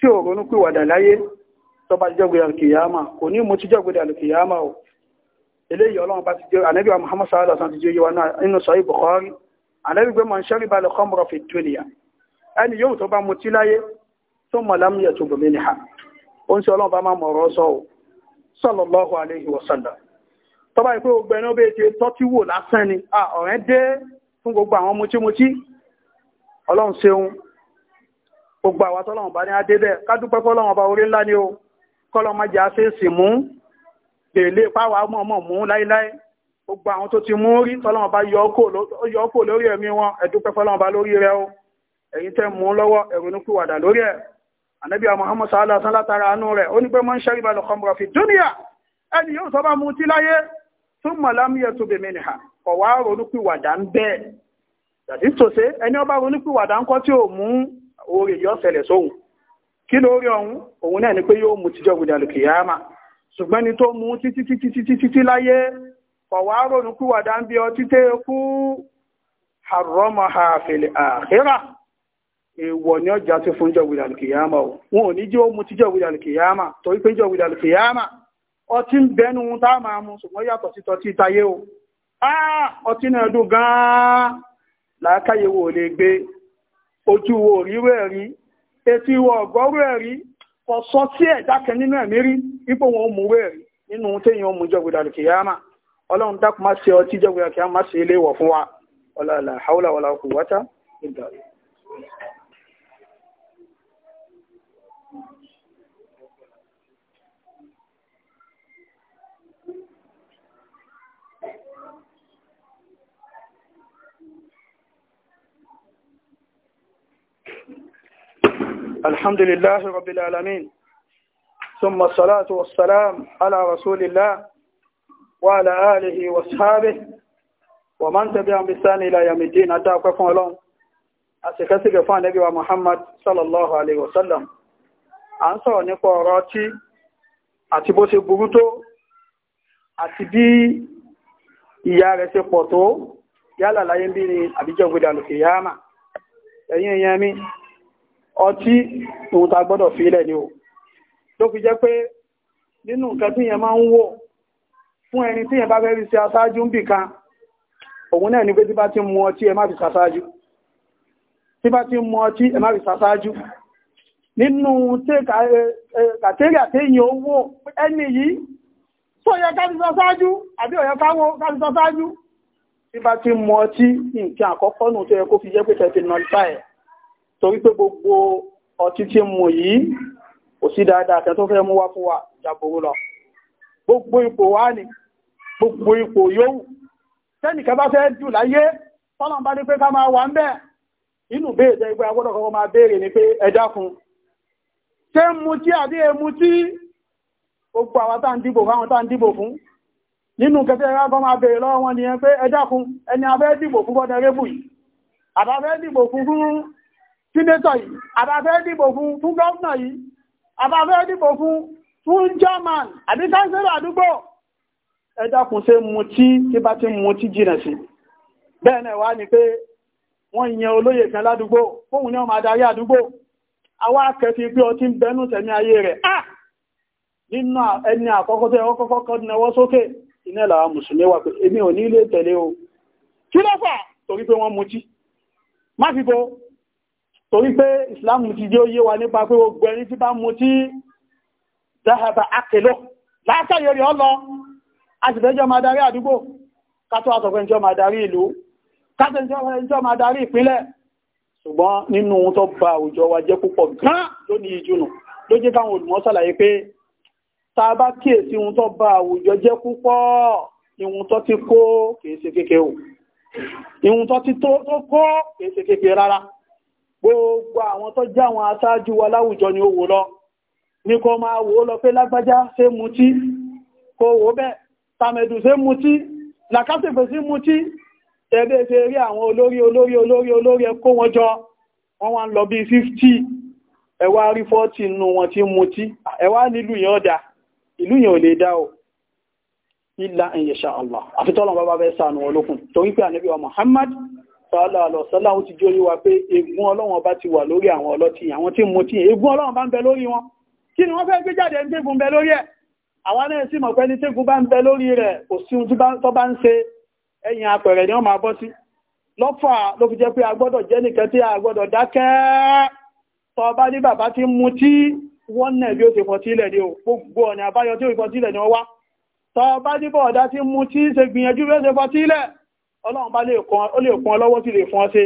tí ò ronú pìwàdà láyé tó bá jẹ́gbẹ̀dà kìyàmà kò ní mú ti jẹ́gbẹ̀dà kìyàmà o eléyìí ọlọ́run bá ti jẹ́ ànábì wa muhammad sallallahu alaihi wasallam ti jẹ́ yíwa náà nínú sọ Bukhari ànábì gbé man shariba al-khamra fi dunya ẹni yóò tó bá mutí láyé thumma lam yatub minha ó ń sọ ọlọ́run bá máa mọ̀rọ̀ sọ o sallallahu alaihi wasallam tó bá ọ̀rẹ́ dé fún gbogbo àwọn mutí ọlọ́run ṣeun gbogbo àwọn tọ́lọ́wọ̀n bá ní adé bẹ́ẹ̀ kádúpẹ́ fọ́lọ́wọ̀n bá orí ńlá ni o kọ́lọ́mọ jẹ́ àṣeèsì mú lèlé páwàá mọ̀ọ́mọ̀ mú láíláí gbogbo àwọn tó ti mú rí tọ́lọ́wọ̀n bá yọ ọ́kò lórí ẹ̀mí wọn ẹ̀dúpẹ́ fọ́lọ́wọ̀n bá lórí rẹ o ẹ̀yin tẹ́ mú lọ́wọ́ ẹ̀rọ̀nùkúwàdà lórí ẹ̀ ànábì Muhammad sallallahu alaihi wasallam látara àánú rẹ̀ ó ní pé man shariba al-khamra fi dunya ẹni yóò sọ bá mu ti láyé thumma lam yatub minha kọ̀ wá ronúkúwàdà ń bẹ́ẹ̀ tàbí tòṣe ẹni ọba ronúkúwàdà ń kọ́ tí ò mú oore yóò ṣẹlẹ̀ sóhun kí rí ọ̀hún òun náà ni pé yóò mú tijọ gbọdọ̀ lùkìyàmà ṣùgbọ́n ni tó mú títí títí títí títí láyé ọ̀wá rònú kú wàdá ń bí ọ títẹ́ kú àrọ́mọ àfẹ̀lẹ̀ èèwọ̀ ni ọjà ti fún jọ gbọdọ̀ o wọn ò ní jẹ́ ó mú torí pé ọtí ń bẹnu tá o ọtí náà dùn gan-an ojú wo òríwé ẹ̀rí etí ìwọ ọ̀gọ́rú ẹ̀rí ọ̀sọ́ tí ẹ̀dá kan nínú ẹ̀mí rí ipò wọn ò múwé ẹ̀rí nínú ohun téèyàn mú jọgbìdà lòkè yá mà ọlọ́run dákun má ṣe ọtí jọgbìdà kí á má ṣe ilé ìwọ̀ fún wa ọlọ́ọ̀lá haúlà wàlá kù wátá ìgbà rẹ̀. الحمد لله رب العالمين ثم الصلاة والسلام على رسول الله وعلى آله واصحابه ومن تبعهم بسان إلى يوم الدين أتاكم لهم أتكسك فان نبي محمد صلى الله عليه وسلم à ń sọ̀rọ̀ nípa ọ̀rọ̀ ọtí àti bó ṣe لا tó أبي bí ìyà rẹ̀ ṣe pọ̀ ọtí ohun ta gbọ́dọ̀ fi ilẹ̀ ni o ló fi jẹ́ pé nínú nǹkan tí yẹn máa ń wò fún ẹni tí yẹn bá fẹ́ rí sí aṣáájú ń bì kan òun náà ni pé tí bá ti mu ọtí ẹ má fi ṣaṣáájú tí bá ti mu ọtí ẹ má fi ṣaṣáájú nínú kàtẹ́rì àtẹ́yìn owó ẹni yìí tó yẹ ká ti ṣaṣáájú àbí ọ̀yẹ́ káwó ká ti ṣaṣáájú tí ti mu ọtí nǹkan àkọ́kọ́ nù tó yẹ kó fi jẹ́ pé tẹ̀tẹ̀ nọ̀lítà ẹ̀ torí pé gbogbo ọtí tí mú yìí kò sí dáadáa tẹ́ tó fẹ́ mú wá fún wa jàbòrò lọ gbogbo ipò wá ní gbogbo ipò yóò tẹ́nìkẹ́ bá fẹ́ jù láyé tọ́lọ̀n bá ní pé ká máa wà ń bẹ́ inú béèrè ẹgbẹ́ agbọ́dọ̀ kọ́kọ́ máa béèrè ní pé ẹjá fún ṣé ń mu tí àbí emu tí gbogbo àwọn tá ń dìbò fáwọn tá ń dìbò fún nínú kẹfẹ́ ẹgbẹ́ agbọ́ máa béèrè lọ́wọ́ wọn nìyẹn pé ẹjá fún ẹni abẹ́ dìbò fún bọ́dẹ rébù yìí àtàfẹ́ dìbò fún fún sínétọ̀ yìí àbáfẹ́ dìbò fún fún gọ́ọ̀nà yìí àbáfẹ́ dìbò fún fún german àbí kánsílò àdúgbò ẹ dákun ṣe mutí tí bá ti mutí jìnà sí bẹ́ẹ̀ wá ní pé wọ́n yẹn olóyè kan ládùúgbò fóun ní ọmọ adarí àdúgbò àwọn akẹfì bí ọtí ń bẹnu tẹ̀mí ayé rẹ̀ ah nínú ẹni àkọ́kọ́ tó ẹwọ́ kọ́kọ́ kọ́ dínẹwọ́ sókè iná ìlàwà mùsùlùmí wà pé èmi ò ní tẹ̀lé o kí ló torí pé wọ́n mutí má fi bo torí pé islam ti jẹ́ oyé wa nípa pé gbogbo ẹni tí bá mú tí dáhàbà akèlò látàyè rí ọlọ àtìfẹ́jọ́ máa darí àdúgbò kátó àtọ̀fẹ́jọ́ máa darí ìlú kátẹ́jọ́ máa darí tó ba àwùjọ wa jẹ́ púpọ̀ gán lónìí ìjùnù ló jẹ́ káwọn olùmọ̀ ṣàlàyé pé ba àwùjọ jẹ́ púpọ̀ ihun tó ti kó kìí ṣe kékeré o ihun tó kékeré rárá gbogbo àwọn tó já àwọn aṣáájú wa láwùjọ ni ó wò lọ ní kó máa wò lọ pé lágbájá ṣe mutí kó wò bẹ́ẹ̀ tàmẹ̀dù ṣe mutí làkásẹ̀fẹ̀ sí mutí ẹgbẹ́ ṣe rí àwọn olórí olórí olórí olórí ẹkó wọn jọ wọ́n wá ń lọ bí 50 ẹwà rí 40 nù wọn tí mutí ẹwà nílù yẹn ọ̀dà ìlú yẹn ò lè dá o ilá in yasha Allah àfitọ́lọ̀ bàbá bẹ́ sànù olókun torí pé ànábì wa Muhammad sọ́lá àlọ́sọ́lá ó ti jórí wa pé ègún ọlọ́wọ́n bá ti wà lórí àwọn ọlọ́tí àwọn tí mo ti ègún ọlọ́wọ́n bá ń bẹ lórí wọn kí ni wọ́n fẹ́ gbé jáde ní tẹ́gùn bẹ lórí ẹ̀ àwọn náà sì mọ̀ pé ní tẹ́gùn bá ń bẹ lórí rẹ̀ kò sí ohun tó bá ń ṣe ẹ̀yìn apẹ̀rẹ̀ ni wọ́n máa bọ́ sí lọ́fà ló fi jẹ́ pé a gbọ́dọ̀ jẹ́ nìkan tí a gbọ́dọ̀ dákẹ́ tó bá ní bàbá ti mu tí wọ́n nẹ̀ bí ó ti fọtí ilẹ̀ ni gbogbo ọ̀nà àbáyọ tí ó fọtí ilẹ̀ ni wọ́n wá tó bá ní bọ̀ọ̀dá ti mu tí ṣe gbìyànjú bí ó ṣe fọtí ọlọ́run bá lè kún ọlọ́wọ́ sí lè fún ọ sí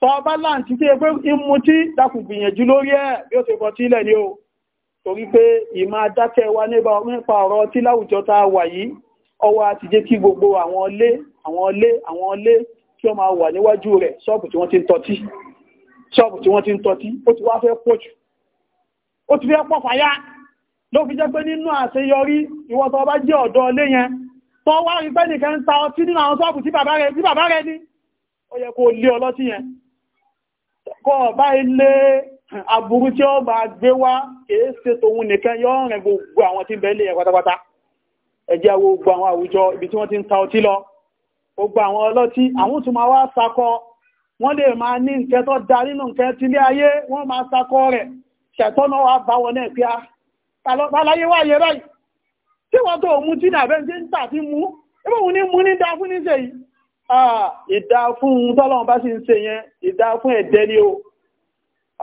tọ́ bá láǹtí tí ẹgbẹ́ imú tí dákù gbìyànjú lórí ẹ̀ bí ó ti bọ́ tí ilẹ̀ ni o torí pé ìmá dákẹ́ wa nípa ọ̀rọ̀ tí láwùjọ ta wà yìí ọwọ́ àti jẹ́ kí gbogbo àwọn ilé àwọn ilé àwọn ilé kí ó máa wà níwájú rẹ̀ ṣọ́ọ̀bù tí wọ́n ti ń tọ́tí ṣọ́ọ̀bù tí wọ́n ti ń tọ́tí ó ti wá fẹ́ pọ̀ jù ó ti fẹ́ pọ̀ fàyà ló fi jẹ́ pé nínú àṣeyọrí ìwọ tó bá jẹ́ ọ̀dọ́ ilé yẹn tó wá rí pé nìkan ń ta ọtí nínú àwọn ṣọ́ọ̀bù tí bàbá rẹ̀ ní ó yẹ kó lé ọlọ́tí yẹn kọ́ ọ̀bá ilé àbúrú tí ó bá gbé wá kìí ṣe tòun nìkan yọ́ rìn gbogbo àwọn tí ń bẹ́lẹ̀ yẹn pátápátá ẹjẹ́ gbogbo àwọn àwùjọ ibi tí wọ́n ti ń ta ọtí lọ gbogbo àwọn ọlọ́tí àwọn tún máa wá sakọ wọ́n lè máa ní nǹkan tó da nínú nǹkan tílé ayé wọ́n máa sakọ rẹ̀ ṣẹ̀tọ́nà wà bá wọn náà pé ah, á tí wọ́n tó mú tí nàbẹ́ tí ń tà tí mú ẹgbẹ́hun ní mú ní dá fún níṣẹ́ yìí ìdá fún un bá sì ń ṣe yẹn ìdá fún ẹ̀dẹ́ ni o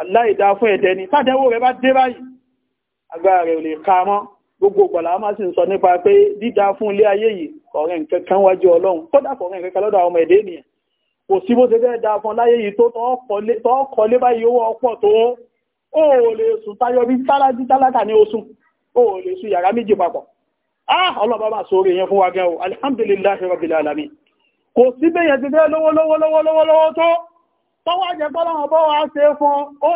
Allah ìdá fún ẹ̀dẹ́ ni tàdẹ́wò rẹ̀ bá dé báyìí agbára rẹ̀ ò lè ka mọ́ gbogbo gbọ̀lá máa sì ń sọ nípa pé dídá fún ilé ayé yìí kọ̀ọ̀rẹ́ nǹkan kan wájú ọlọ́run kódà kọ̀ọ̀rẹ́ nǹkan kan lọ́dọ̀ àwọn ọmọ ẹ̀dẹ́ ènìyàn kò sí bó ṣe fẹ́ da fún láyé yìí tó tọ́ọ̀kọ́lé báyìí owó ọpọ̀ tó ó lè sùn tayọ bí tálájí tálákà ní oṣù ó lè sùn ah sórí yẹn fún wa gẹ́ o alhamdulillahi rabbil alamin kò sí bẹ́ẹ̀ ti dẹ́ lọ́wọ́lọ́wọ́lọ́wọ́ tó tọ́wọ́ jẹ gbọ́lọ́wọ́ bọ́ wá ó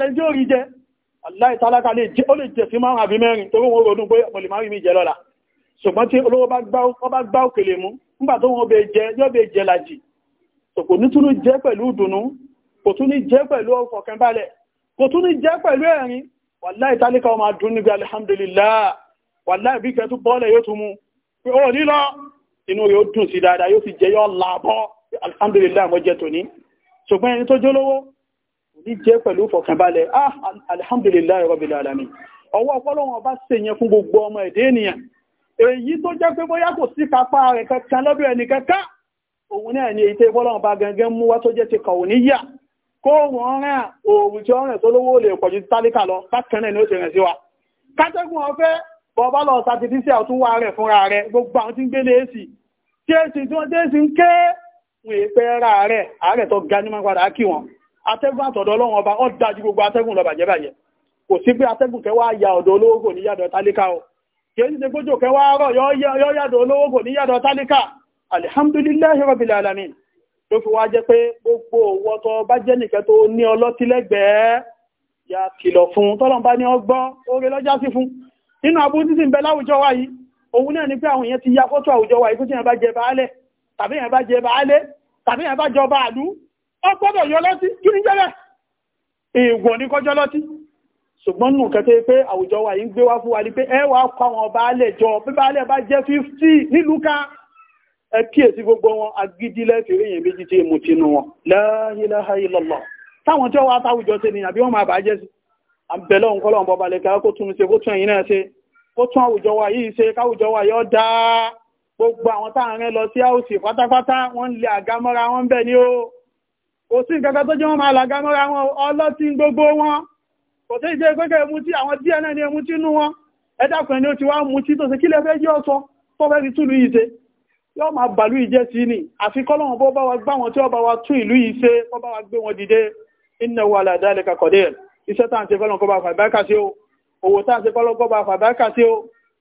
lè jẹ sí márùn àbí mẹ́rin torí wọn ronú pé mọ̀lẹ̀márì mi jẹ lọ́la ṣùgbọ́n tí olówó bá gbá òkèlè mú nígbà tó wọ́n bẹ jẹ yọ́ bẹ jẹ làjì kò ní túnú jẹ́ pẹ̀lú ìdùnnú kò tún ní jẹ́ pẹ̀lú ọ̀fọ̀kànbalẹ̀ kò tún ní jẹ́ pẹ̀lú ẹ̀rin wàláì tálíkà ọmọ adùn níbi alhamdulillah wàláì bí kẹtù bọ́ọ̀lẹ̀ yóò tún mú pé ó nílọ inú rẹ̀ ó alhamdulillah mo jẹ tòní ṣùgbọ́n ẹni ah alhamdulillah rabbil alamin ọwọ́ ọpọlọ́wọ́n bá ṣèyẹn fún gbogbo ọmọ èyí tó jẹ́ pé bóyá kò sí kápá rẹ̀ kankan lọ́dọ̀ ẹni kankan òun náà ni èyí tó ìbọ́lọ́run bá gangan mú wá tó jẹ́ ti kọ̀wọ̀ níyà kó wọ́n rẹ̀ òòrùn tí ọ̀rìn tó lówó lè pọ̀jù tálíkà lọ kákẹ́rẹ́ ni ó ti rìn sí wa kátẹ́gùn ọ̀fẹ́ bọ̀ọ̀bá lọ sàtìfísì àtúnwà rẹ̀ fúnra rẹ̀ gbogbo àwọn tí ń gbélé èsì tí èsì tí wọ́n dẹ́sì ń ké wọ́n èpẹ́ ra rẹ̀ ààrẹ tó ga ní máa padà kí wọn atẹ́gùn àtọ̀dọ̀ ọlọ́run ọba ó dájú gbogbo atẹ́gùn lọ bàjẹ́ kò sí pé atẹ́gùn kẹwàá ya ọ̀dọ̀ olówó kò ní tálíkà o kìí ṣe gbójò kẹwàá rọ̀ yọ́ yàdọ̀ olówó kò ní yàdọ̀ tálíkà alhamdulillahi rabbil alamin tó fi wá jẹ́ pé gbogbo owó tó bá jẹ́ nìkẹ́ tó ní ọlọ́tí ya kìlọ̀ fún tọ́lọ̀mbá ni pé àwọn ya fọ́tò àwùjọ wa yìí tó ti yàn bá jẹ baálẹ̀ tàbí yàn bá jẹ baálẹ̀ tàbí yàn bá jọba àlú ó gbọ́dọ̀ yọ lọ́tí kí ni jẹ́ bẹ́ẹ̀ ṣùgbọ́n nù kẹtẹ́ pé àwùjọ wa yìí ń gbé wá fún wa ní pé ẹ wà kọ́ wọn baálẹ̀ jọ bí baálẹ̀ bá jẹ́ 50 nílùú ká ẹ kíyèsí gbogbo wọn agídílẹ̀ fèrè yẹn méjì tí èmù tinú wọn la ilaha illallah táwọn tí ó wá táwùjọ ṣe nìyàn bí wọ́n máa bàjẹ́ sí àbẹ̀lẹ̀ òun kọ́lọ̀ bọ̀ balẹ̀ kẹ́kọ́ tún ṣe kó tún ẹ̀yìn náà ṣe kó tún àwùjọ wa yìí ṣe káwùjọ wa yọ dáa gbogbo àwọn táàrin lọ sí àwùsì pátápátá wọ́n lè àgámọ́ra kò tó ìjẹ́ ìgbẹ́gẹ́ ẹmú tí àwọn díẹ̀ náà ni ẹmú tí inú wọn ẹ̀dàkùnrin ni ó ti wá mú tí tó ṣe kí lẹ́fẹ́ yí ọ̀sọ́ tó fẹ́ fi túlù yìí yóò máa bàlú ìjẹ́ sí ni àfi kọ́lọ́wọ́n bó bá wa gbá wọn tí ó bá wa tún ìlú yìí ṣe kó bá wa gbé wọn dìde innahu ala dhalika qadir iṣẹ́ tá à ń ṣe fọ́lọ́n bá fàbákà o òwò tá à ń ṣe o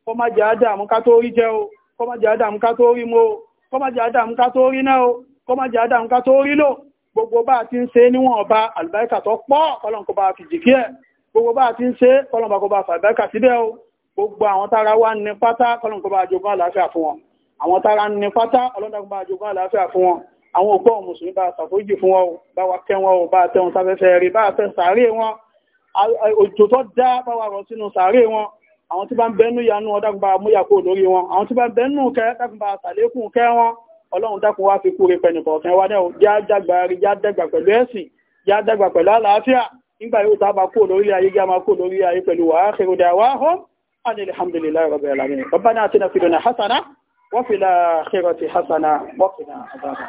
kó má jẹ́ àdàmú ká tó rí jẹ o kó má jẹ́ àdàmú ká tó rí mu o kó má jẹ́ àdàmú ká tó rí náà o gbogbo bá ti ń ṣe níwọ̀n ọba àlùbáríkà tó pọ̀ fọ́lọ́n bá fi jì kí ẹ̀ gbogbo bá ti ń ṣe kọlọ̀mbà kó bá fàbẹ́kà síbẹ̀ o gbogbo àwọn tára wá ní pátá kọlọ̀mbà bá jogún àlàáfíà fún wọn àwọn tára ní pátá ọlọ́dàgbà bá jogún àlàáfíà fún wọn àwọn òpó mùsùlùmí bá ṣàforíjì fún wọn o bá wa kẹ́ wọn o bá tẹ́wọn sáfẹ́fẹ́ rí bá fẹ́ sàárè wọn òjò tó dá bá wa rọ̀ sínú sàárè wọn àwọn tí bá ń bẹnu yanu ọdágbà múyàkó lórí wọn àwọn tí bá ń bẹnu kẹ dágbà sàlékún kẹ wọn ọlọ́run dákun wá fi kú rí pẹ̀lú kọ̀ọ̀kan wá náà já dàgbà rí já dàgbà pẹ̀lú ẹ̀sìn já dàgbà pẹ̀lú àlàáfíà nígbà yóò tá bá kó lórí ayé gá máa kó lórí ayé pẹ̀lú wa akhiru da'wahum anil hamdulillahi rabbil alamin rabbana atina fid dunya hasana wa fil akhirati hasana wa qina adhaban